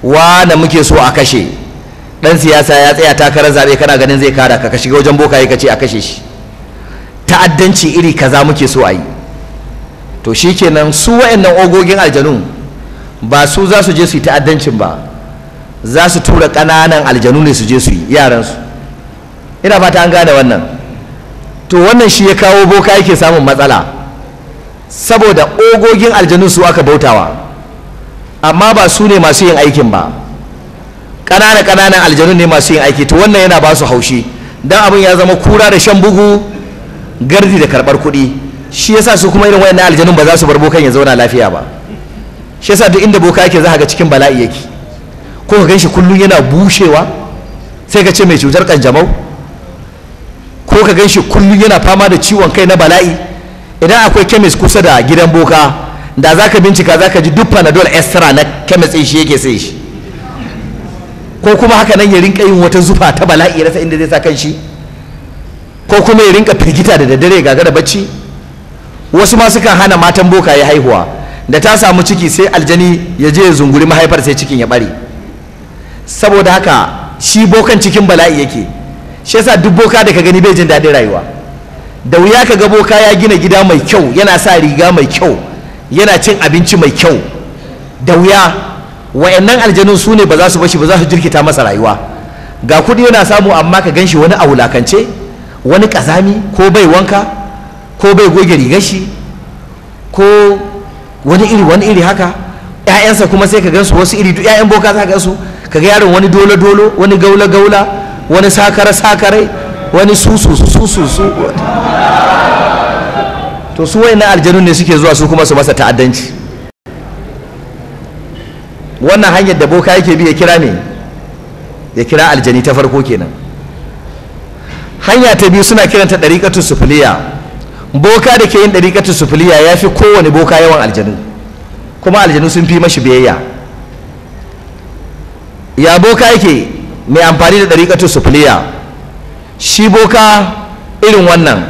wane muke so a kashe dan siyasa ya tsaya takarar zabe kana ganin zai kara ka ka shiga wajen bokaye ka ce a kashe shi ta'addanci iri kaza muke so a yi to shikenan su wa'annan ogogin aljanu ba su za su je su yi ta'addancin ba za su tura ƙananan aljanu ne su je su yi yaransu ina fata an gane wannan to wannan shi ya kawo boka yake samun matsala saboda ogogin aljanu su aka bautawa amma ba su ne masu yin aikin ba ƙanana ƙananan aljanu ne masu yin aiki to wannan yana ba su haushi dan abin ya zama kura da shan bugu gardi da karɓar kuɗi shi yasa su kuma irin wayannan aljanun ba za su bar bokan ya zauna lafiya ba shi yasa duk inda boka yake za ga cikin bala'i yake ko ka gan shi kullum yana bushewa sai ka ce mai cutar kanjamau ko ka ganshi shi kullum yana fama da ciwon kai na bala'i idan akwai kemis kusa da gidan boka da za ka bincika za ka ji duk panadol extra na kemis shi yake sai shi ko kuma haka nan ya rinka yin wata zufa ta bala'i rasa inda zai sa kan shi ko kuma ya rinka firgita da daddare da bacci wasu ma sukan hana matan boka ya haihuwa da ta samu ciki sai aljani ya je ya zunguri mahaifar sai cikin ya bare saboda haka shi bokan cikin bala'i yake shi yasa duk boka da ka gani bai jin daɗin rayuwa da wuya ka ga boka ya gina gida mai kyau yana sa riga mai kyau yana cin abinci mai kyau da wuya wayannan aljanu su ne ba za su bashi ba za su jirkita masa rayuwa ga kuɗi yana samu amma ka ganshi wani a wulakance wani kazami ko bai wanka ko bai goge rigar shi ko wani iri wani iri haka ƴaƴansa kuma sai ka gansu wasu iri ƴaƴan boka za ka gansu ka ga yaron wani dolo dolo wani gaula gaula wani sakara sakare wani susu susu susu to su wayannan aljanu ne suke zuwa su kuma su masa ta'addanci wannan hanyar da boka yake bi ya kira ne ya kira aljani ta farko kenan hanya ta biyu suna kiranta ɗariƙatun sufuliya boka da ke yin ɗariƙatun sufuliya ya fi kowane boka yawan aljanu kuma aljanu sun fi mashi biyayya ya boka yake mai amfani da ɗariƙatun sufuliya shi boka irin wannan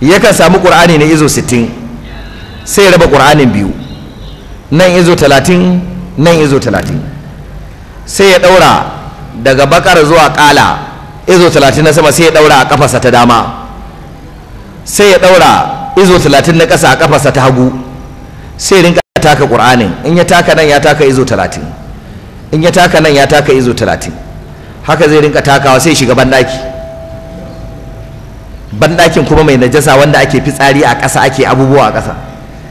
yakan samu ƙur'ani na izo 60 sai ya raba ƙur'anin biyu nan izo talatin nan izo talatin sai ya ɗaura daga bakar zuwa ƙala izo talatin na sama sai ya ɗaura a kafasa ta dama sai ya ɗaura izo talatin na ƙasa a ƙafasa ta hagu sai ya rinka taka ƙur'anin in ya taka nan ya taka izo talatin in ya taka nan ya taka izo talatin haka zai rinka takawa sai shiga banɗaki banɗakin kuma mai najasa wanda ake fitsari a ƙasa ake abubuwa a ƙasa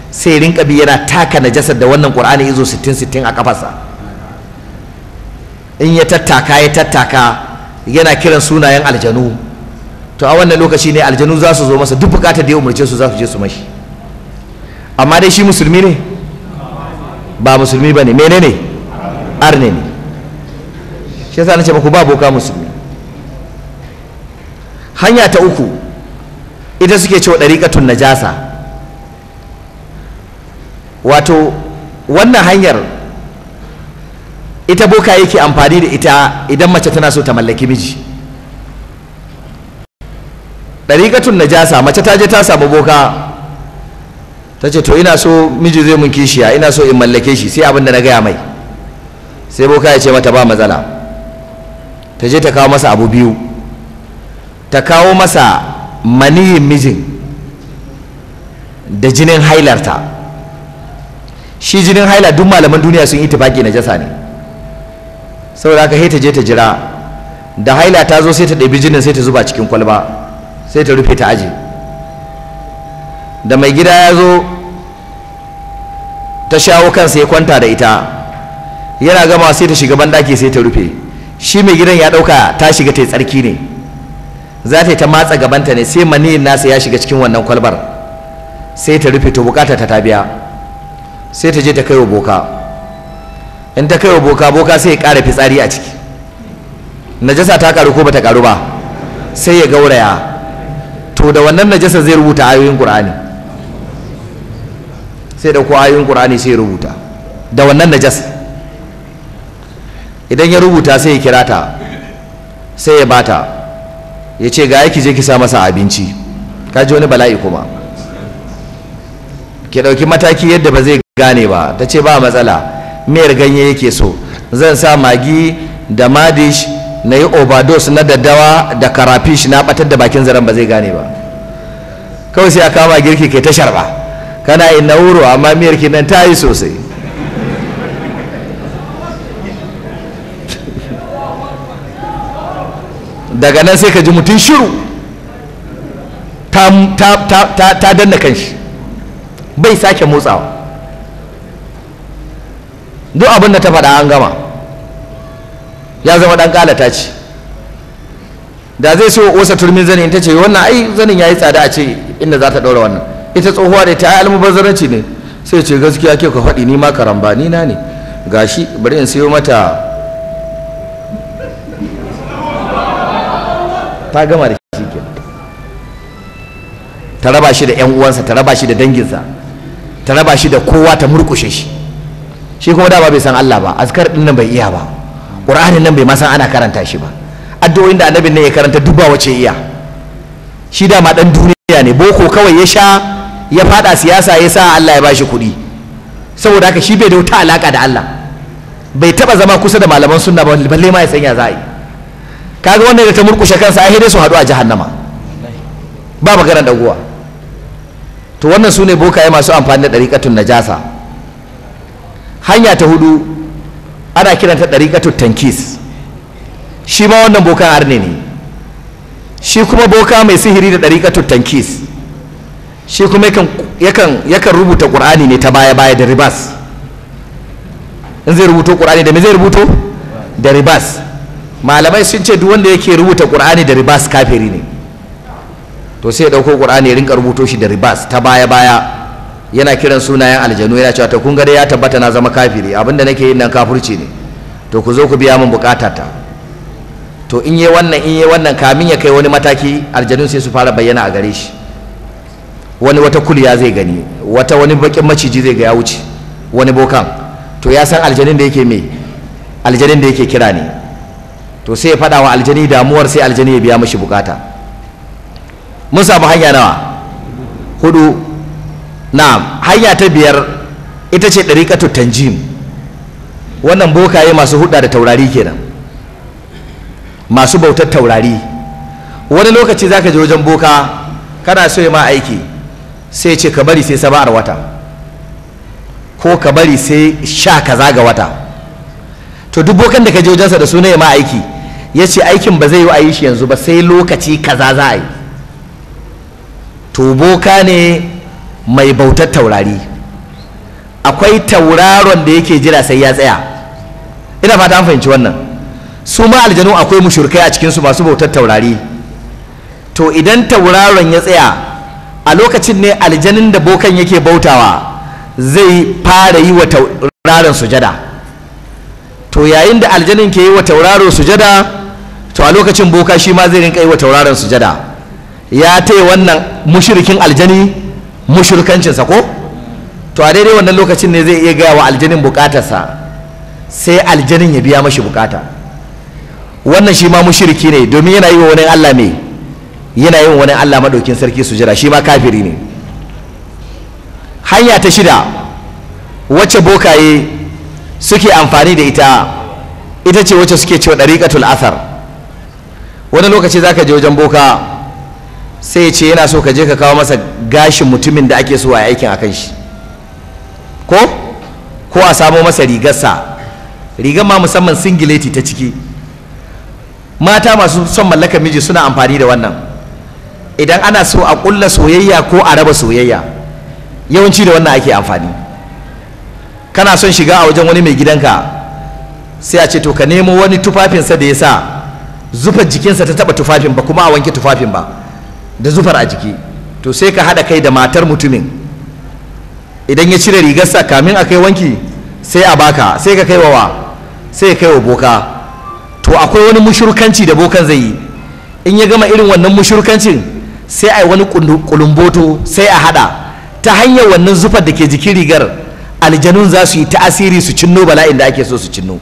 sai rinka bi yana taka najasar da wannan qur'ani izo 60 60 a kafarsa in ya tattaka ya tattaka yana kiran sunayen aljanu to a wannan lokaci ne aljanu za su zo masa duk bukatar da ya umarce su za su je su mashi amma dai shi musulmi ne ba musulmi ba ne mene ne arne ne shi yasa na ce ku ba boka musulmi hanya ta uku ita suke cewa ɗariƙatun najasa wato wannan hanyar ita boka yake amfani da ita idan mace tana so ta mallaki miji ɗariƙatun najasa mace ta je ta samu boka ta ce to ina so miji zai mun kishiya ina so in mallake shi sai abin da na gaya mai sai boka ya ce mata ba matsala ta je ta kawo masa abu biyu ta kawo masa maniyin mijin da jinin hailarta shi jinin haila duk malaman duniya sun yi tafaki na jasa ne saboda ka ta je ta jira da haila ta zo sai ta ɗabi jinin sai ta zuba cikin kwalba sai ta rufe ta aji da mai gida ya zo ta shawo kansa ya kwanta da ita yana gama sai ta shiga banɗaki sai ta rufe shi mai gidan ya ɗauka ta shiga ta tsarki ne za ta yi ta matsa gabanta ne sai maniyin nasa ya shiga cikin wannan kwalbar sai ta rufe to bukata ta ta biya sai ta je ta kai wa boka in ta kai wa boka boka sai ya ƙara fitsari a ciki najasa ta karu ko bata karu ba sai ya gauraya to da wannan najasa zai rubuta ayoyin qur'ani sai da ko ayoyin qur'ani sai rubuta da wannan najasa idan ya rubuta sai ya kira ta sai ya bata ya ce ga yaki je ki sa masa abinci ka ji wani bala'i kuma ki ɗauki mataki yadda ba zai gane ba ta ce ba matsala miyar ganye yake so zan sa magi da madish na yi obados na daddawa da karafish na batar da bakin zaren ba zai gane ba kawai sai a kama girki kai ta sharba kana na wuro amma miyar ki nan ta yi sosai daga nan sai ka ji mutum shiru ta danna kanshi bai sake motsawa duk abin da ta faɗa an gama ya zama ɗan ƙalata ce da zai so wasa turmin zanin ta ce wannan ai zanin ya yi tsada a ce inda za ta ɗaura wannan ita tsohuwa da ta yi almubazzaranci ne sai ce gaskiya ke ka faɗi ni ma karamba ni na ne gashi bari in sayo mata ta gama da shi ke ta raba shi da 'yan uwansa ta raba shi da danginsa ta raba shi da kowa ta murkushe shi shi kuma dama bai san Allah ba azkar din nan bai iya ba qur'anin nan bai ma san ana karanta shi ba addu'o'in da annabin nan ya karanta duk ba wace iya shi dama dan duniya ne boko kawai ya sha ya fada siyasa ya sa Allah ya bashi kuɗi saboda haka shi bai da wata alaka da Allah bai taba zama kusa da malaman sunna ba balle ma ya sanya ya zai kaga wannan da ta murkushe kansa ai dai su haɗu a jahannama ba maganar guwa to wannan su ne bokaye masu amfani da ɗariƙatun najasa hanya ta hudu ana kiranta ɗariƙatul tankis shi ma wannan bokan arne ne shi kuma boka mai sihiri da ɗariƙatul tankis shi kuma yakan rubuta ƙur'ani ne ta baya-baya da ribas in zai rubuto ƙur'ani da me zai rubuto da ribas malamai sun ce duk wanda yake rubuta ƙur'ani da ribas kafiri ne to sai ya ɗauko ƙur'ani ya rinka rubuto shi da ribas ta baya-baya yana kiran sunayen aljanu yana cewa to kun ga dai ya tabbata na zama kafiri abinda nake yin nan kafirci ne to ku zo ku biya min bukatata to in yi wannan in yi wannan kamin ya kai wani mataki aljanun sai su fara bayyana a gare shi wani wata kulya zai gani wata wani bakin maciji zai ga ya wuce wani bokan to ya san aljanin da yake me aljanin da yake kira ne to sai ya faɗa wa aljani damuwar sai aljani ya biya mishi bukata musa samu hanya nawa hudu na'am hanya ta biyar ita ce ɗariƙatu tanjim wannan bokaye masu hudda da taurari kenan masu bautar taurari wani lokaci za ka je wajen boka kana so ya ma aiki sai ce ka bari sai saba'ar wata ko ka bari sai sha kaza ga wata to duk bokan da ka je wajensa da suna ya ma aiki ya ce aikin ba zai yi a yi shi yanzu ba sai lokaci kaza za a yi to boka ne mai bautar taurari akwai tauraron da yake jira sai ya tsaya ina fata an fahimci wannan su ma aljanu akwai mushrikai a cikinsu masu bautar taurari to idan tauraron ya tsaya a lokacin ne aljanin da bokan yake bautawa zai fara yi wa tauraron sujada to yayin da aljanin ke yi wa tauraro sujada to a lokacin boka shi ma zai rinka yi wa tauraron sujada ya taya wannan mushirikin aljani mushirkancinsa ko to a daidai wannan lokacin ne zai iya gaya wa aljanin bukatarsa sai aljanin ya biya mashi bukata wannan shi ma mushirki ne domin yana yi wa wani Allah ne yana yi wa wani Allah madaukin sarki sujada shi ma kafiri ne hanya ta shida wacce bokaye suke amfani da ita ita ce wacce suke cewa dariqatul athar wani lokaci zaka je wajen boka sai ya ce yana so ka je ka kawo masa gashin mutumin da ake so a aikin a kan shi ko ko a samo masa rigarsa rigar ma musamman singileti ta ciki mata masu son mallaka miji suna amfani da wannan idan ana so a ƙulla soyayya ko a raba soyayya yawanci da wannan ake amfani kana son shiga a wajen wani mai gidanka sai a ce to ka nemo wani tufafinsa da ya sa zufa jikinsa ta taɓa tufafin ba kuma a wanke tufafin ba da zufar a jiki to sai ka haɗa kai da matar mutumin idan ya cire rigarsa kamin a kai wanki sai a baka sai ka kai wa sai kai wa boka to akwai wani mushurkanci da bokan zai yi in ya gama irin wannan mushurkancin sai a yi wani kulumboto sai a haɗa ta hanyar wannan zufar da ke jikin rigar aljanun za su yi ta asiri su cinno bala'in da ake so su cinno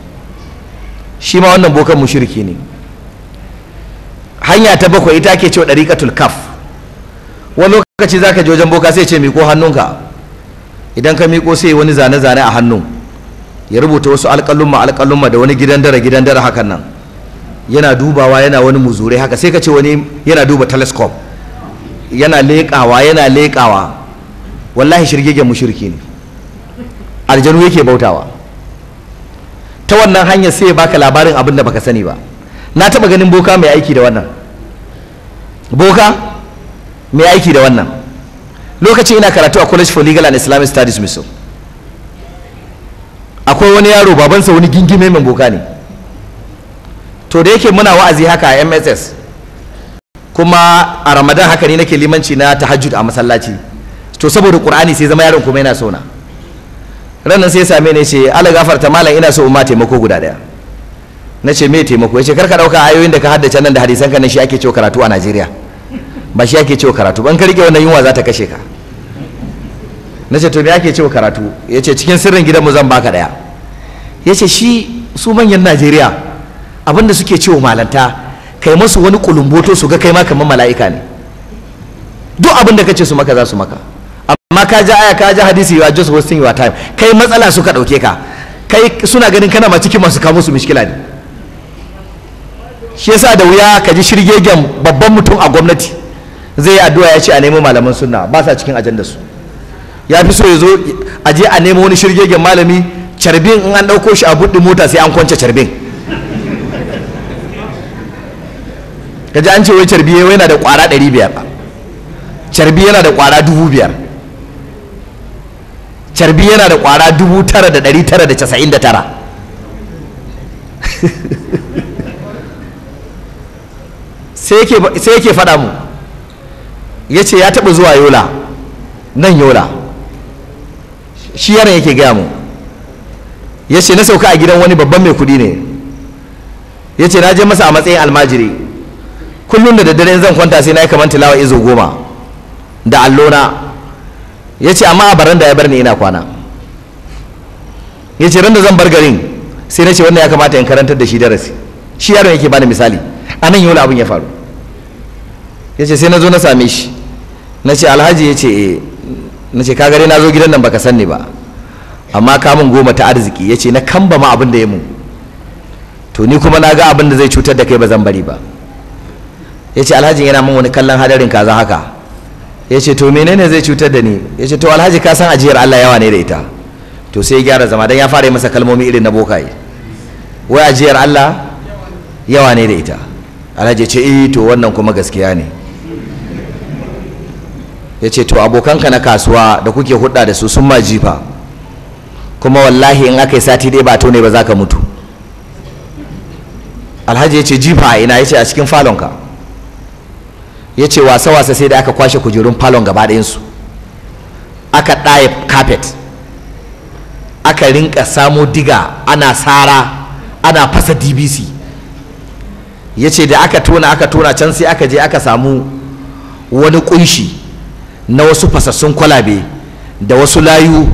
shi ma wannan bokan mushirki ne hanya ta bakwai ita ake cewa ɗariƙatul kaf wani lokaci za ka je wajen boka sai ce miƙo hannunka idan ka miƙo sai wani zane-zane a hannun ya rubuta wasu alƙalumma alƙalumma da wani gidan dare gidan dare hakan nan yana dubawa yana wani muzure haka sai ka ce wani yana duba telescope yana leƙawa yana leƙawa wallahi shirgegen mushriki ne aljanu yake bautawa ta wannan hanyar sai ya baka labarin abin da baka sani ba na taɓa ganin boka mai aiki da wannan boka mai aiki da wannan lokacin ina karatu a college for legal and islamic studies miso akwai wani yaro babansa wani gingime mai boka ne to da yake muna wa'azi haka a mss kuma a ramadan haka ne nake limanci na tahajjud a masallaci to saboda qur'ani sai zama yaron kuma yana sona ranar sai ya same ne ce ala gafarta malam ina so umma taimako guda daya na ce me taimako ya ce karka ɗauka ayoyin da ka haddace nan da hadisan ka nan shi ake cewa karatu a najeriya ba shi ake cewa karatu ban ka rike wannan yunwa za ta kashe ka na ce to me ake cewa karatu ya ce cikin sirrin gidanmu zan baka daya ya ce shi su manyan najeriya abinda suke cewa malanta kai masu wani kulumboto su ga kai ma kamar mala'ika ne duk abin da kace su maka za su maka amma ka ji aya ka ji hadisi you are just wasting your time kai matsala suka dauke ka kai suna ganin kana ma cikin masu kawo su mishkila ne shi yasa da wuya ka ji shirgegen babban mutum a gwamnati zai yi addu'a ya ce a nemo malaman sunna ba sa cikin ajandar su ya fi so ya zo a je a nemo wani shirgegen malami carbin in an ɗauko shi a buɗe mota sai an kwance carbin ka ji an ce wai carbi yana da ƙwara ɗari biyar carbi yana da ƙwara dubu biyar carbi yana da ƙwara dubu tara da ɗari tara da casa'in da tara [LAUGHS] sai yake faɗa mu ya ce ya taɓa zuwa yola nan yola shi yaran yake gaya mu ya ce na sauka a gidan wani babban mai kuɗi ne ya ce na je masa a matsayin almajiri kullum da daddare zan kwanta sai na yi kamar tilawa izo goma da allona ya ce amma a baranda ya bar ni ina kwana ya ce randa da zan bar garin sai na ce wannan ya kamata in karantar da shi darasi shi yaron yake bani misali a nan yola abin ya faru ya ce sai na zo na same shi na ce alhaji ya ce eh. na ce kagare na zo gidan nan baka sanni ba amma kamun goma ta arziki ya ce na kamba ma abin da ya mu to ni kuma na ga abin da zai cutar da kai ba zan bari ba ya ce alhaji yana min wani kallon hadarin kaza haka ya ce to menene zai cutar da ni ya ce to alhaji ka san ajiyar allah yawa ne da ita to sai ya gyara zama don ya fara yi masa kalmomi irin na bokaye wai ajiyar allah yawa ne da ita alhaji ce eh to wannan kuma gaskiya ne ya ce to abokanka na kasuwa da kuke hudda da su sun ma jifa kuma wallahi in aka yi sati dai ba to ne ba za ka mutu alhaji ya ce jifa ina ya ce a cikin falonka ya ce wasa-wasa sai da aka kwashe kujerun falon gaba da ɗayansu aka ɗaya carpet aka rinka samo diga ana sara ana fasa dbc ya ce da aka tona aka tona can sai aka je aka samu wani kunshi na wasu fasassun kwalabe da wasu layu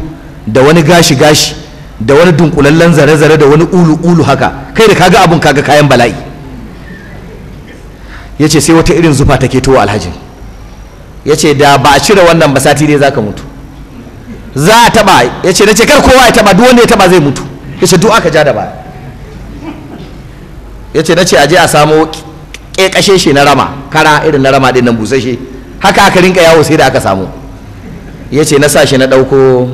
da wani gashi-gashi da wani dunkulallen zare-zare da wani ulu-ulu haka kai da kaga abun kaga kayan bala'i ya ce sai wata irin zufa take towa alhajin ya ce da ba a cire wannan ba sati dai ka mutu za a taba ya ce na ce kar kowa ya taba duk wanda ya taba zai mutu ya ce duk aka ja da ba ya ce na ce aje a samo ƙeƙashe shi na rama kara irin na rama din nan busashe haka aka rinka yawo sai da aka samu ya ce na sa shi na ɗauko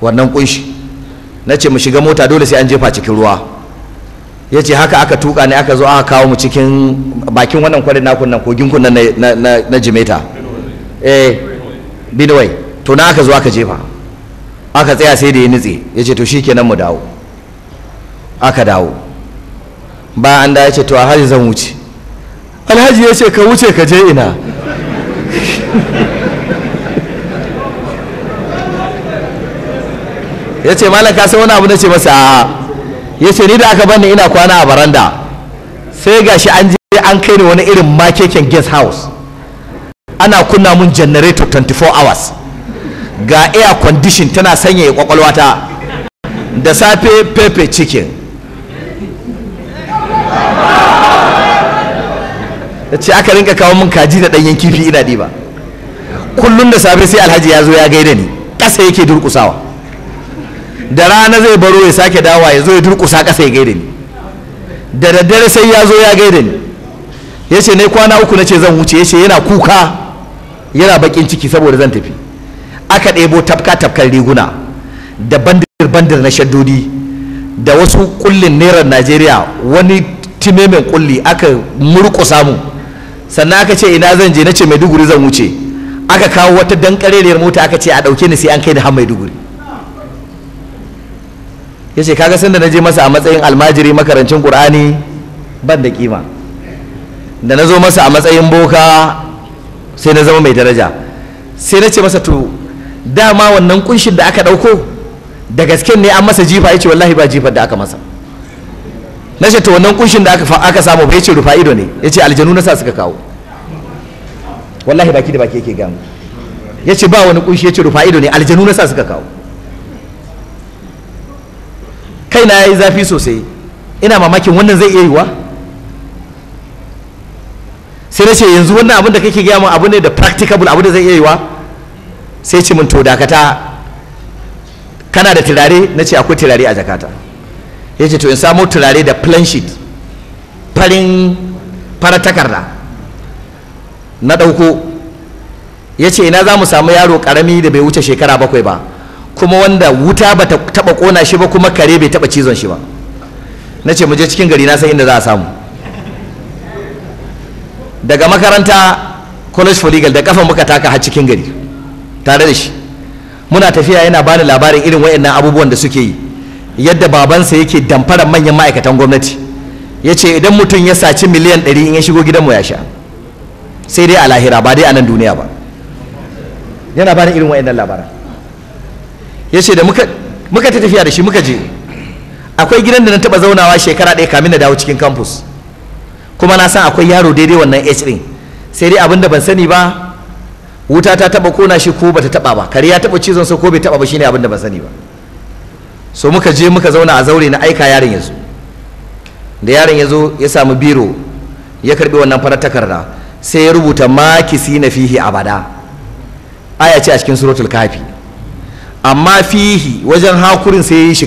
wannan kunshi na ce mu shiga mota dole sai an jefa cikin ruwa ya ce haka aka tuka ne aka zo aka kawo mu cikin bakin wannan kwarin nakun nan kogin kunan na jimeta eh bidowai to na aka zo aka jefa aka tsaya sai da ya nutse ya ce to shi kenan mu dawo aka dawo ba an da ya ce to a hajji zan wuce alhaji ya ce ka wuce ka je ina [LAUGHS] ya ce malam ka wani abu na ce masa a ya ce ni da aka bani ina kwana a baranda sai ga shi an je an kai ni wani irin makeken guest house ana kunna mun generator 24 hours ga air condition tana sanyaya kwakwalwata da safe pepe chicken da ce aka rinka kawo min kaji da ɗanyen kifi ina ɗiba kullum da safe sai alhaji ya zo ya gaida ni ƙasa yake durƙusawa da rana zai baro ya sake dawa ya zo ya durƙusa ƙasa ya gaida ni da daddare sai ya zo ya gaida ni ya ce ne kwana uku na ce zan wuce ya ce yana kuka yana baƙin ciki saboda zan tafi aka ɗebo tafka tafkar riguna da bandir bandir na shaddodi da wasu kullin naira najeriya wani timemin kulli aka murƙusa mu sannan aka ce ina zan je na ce maiduguri zan wuce aka kawo wata dankareriyar mota aka ce a dauke ni sai an kai da har maiduguri ya ce kaga sanda na je masa a matsayin almajiri makarancin qur'ani ban da kima da na zo masa a matsayin boka sai na zama mai daraja sai na ce masa to dama wannan kunshin da aka dauko da gaske ne an masa jifa ya ce wallahi ba jifar da aka masa na ce ta wannan kunshin da aka samu bai ce rufa ido ne ya ce aljanu na sa suka kawo wallahi baki da baki yake gamu ya ce ba wani kunshi ya ce rufa ido ne aljanu na sa suka kawo kaina ya yi zafi sosai ina mamakin wannan zai iya yiwa sai na ce yanzu wannan abin da kake gaya min abu ne da practicable abu da zai iya yiwa sai ce min to dakata kana da turare na ce akwai turare a jakata ya ce to in samo turare da plan sheet farin fara takarda na ɗauko ya ce ina za mu samu yaro ƙarami da bai wuce shekara bakwai ba kuma wanda wuta ba ta taɓa ƙona shi ba kuma kare bai taɓa cizon shi ba na ce mu cikin gari na san inda za a samu daga makaranta college for legal da kafa muka taka har cikin gari tare da shi muna tafiya yana bani labarin irin waɗannan abubuwan da suke yi yadda babansa yake damfarar manyan ma'aikatan gwamnati ya ce idan mutum ya saci miliyan 100 in ya shigo gidanmu ya sha sai dai a lahira ba dai a nan duniya ba yana ba irin wa'annan labaran ya ce da muka ta tafiya da shi muka je akwai gidan da na taba zaunawa shekara ɗaya kamin na dawo cikin campus kuma na san akwai yaro daidai wannan h din sai dai abinda ban sani ba wuta ta taba kona shi ko bata taba ba kare ya taba cizon sa ko bai taba ba shine abinda ban sani ba so muka je muka zauna a zaure na aika yaron ya zo da yaron ya zo ya samu biro ya karbi wannan farar takarda sai ya rubuta makisi na fihi bada aya ce a cikin suratul kafi amma fihi wajen hakurin sai ya yi shi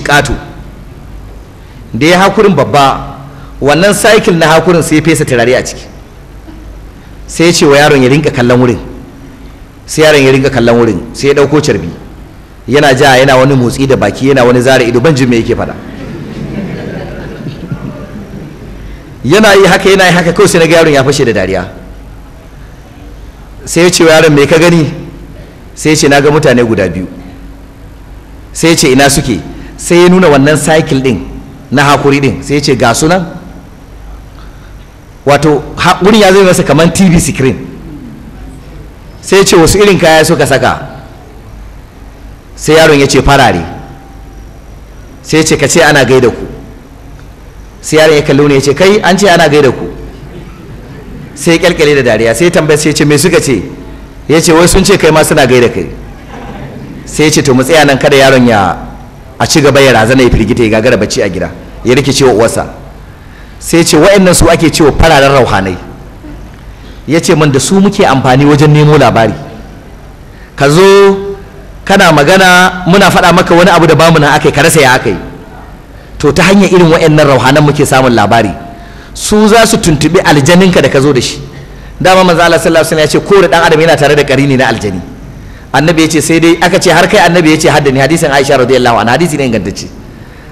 da ya hakurin babba wannan cycle na hakurin sai ya fesa turare a ciki sai ya ce wa yaron ya rinka kallon wurin sai yaron ya rinka kallon wurin sai ya dauko carbi yana ja yana wani motsi da baki yana wani zara ido ban jin me yake faɗa yana yi haka yana yi haka kawai sai na ga yaron ya fashe da dariya sai ya ce yaron me ka gani sai ya ce na ga mutane guda biyu sai ya ce ina suke sai ya nuna wannan cycle din na hakuri din sai ya ce ga sunan wato hakurin ya zai masa kamar tv screen sai ya ce wasu irin kaya suka saka sai yaron ya ce farare sai ce ka ce ana gaida ku sai yaron ya kalli wani ya ce kai an ce ana gaida ku sai ya kyalkyale da dariya sai ya tambaya sai ya ce me suka ce ya ce wai sun ce kai ma suna gaida kai sai ya ce to mu tsaya nan kada yaron ya a ci gaba ya razana ya firgita ya gagara bacci a gida ya rikice wa uwarsa sai ya ce wa'annan su ake cewa fararen rauhanai ya ce man da su muke amfani wajen nemo labari ka zo kana magana muna faɗa maka wani abu da bamu nan akai ka rasa ya akai to ta hanyar irin wa'annan rauhanan muke samun labari su za su tuntuɓi aljaninka da ka zo da shi dama manzo Allah sallallahu alaihi wasallam ya ce kowane dan adam yana tare da karini na aljani annabi ya ce sai dai aka ce har kai annabi ya ce haddani hadisin Aisha radiyallahu anha hadisi ne ingantacce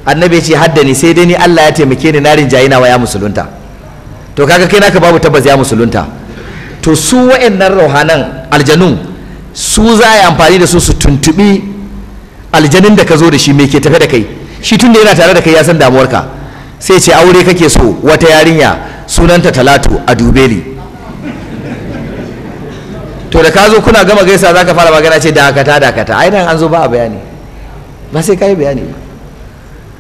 annabi ya ce haddani sai dai ni Allah ya taimake ni na rinjaye na ya musulunta to kaga kai naka babu tabbas ya musulunta to su wa'annan rauhanan aljanun su za a yi amfani da su su tuntuɓi aljanin da ka zo da shi mai ke tafe da kai shi tun da yana tare da kai ya san damuwarka sai ce aure kake so wata yarinya sunanta talatu a dubeli to da ka zo kuna gama gaisa za ka fara magana ce dakata dakata ai nan an zo ba a bayani ba sai ka yi bayani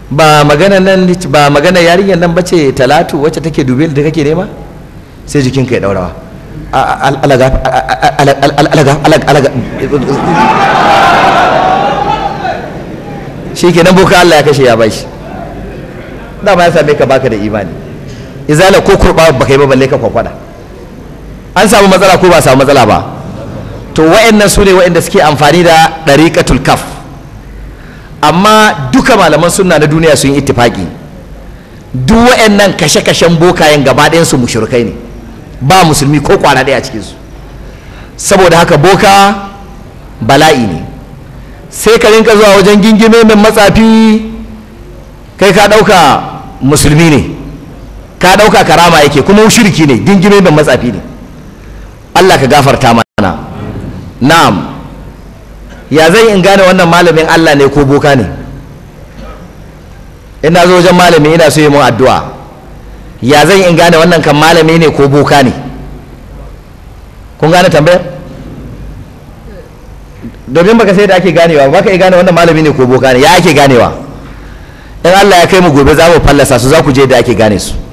ba magana nan ba magana yarinyar nan bace talatu wacce take dubeli da kake nema sai jikinka ya daurawa shi ke nan boka Allah ya kashe ya bashi dama ya same ka baka da imani izala ko kurba ba kai ba balle ka kwakwada an samu matsala ko ba samu matsala ba to wa'annan su ne wa'anda suke amfani da ɗariƙatul kaf amma duka malaman sunna na duniya sun yi ittifaqi duk wa'annan kashe-kashen bokayen gaba ɗayan su mushrikai ne ba musulmi ko kwana daya a su. saboda haka boka bala'i ne sai ka rinka zuwa wajen gingime mai matsafi kai ka ɗauka musulmi ne ka ɗauka karama yake kuma shirki ne gingime mai matsafi ne allah ka gafarta mana na'am ya zai in gane wannan malamin allah ne ko boka ne ina zo wajen malami ina so yi mun addu'a ya zan in gane wannan kan malami ne ko boka ne kun gane tambayar domin baka sai da ake ganewa baka iya gane wannan malami ne ko boka ne ya ake ganewa in Allah ya kai mu gobe za mu fallasa su za ku je da ake gane su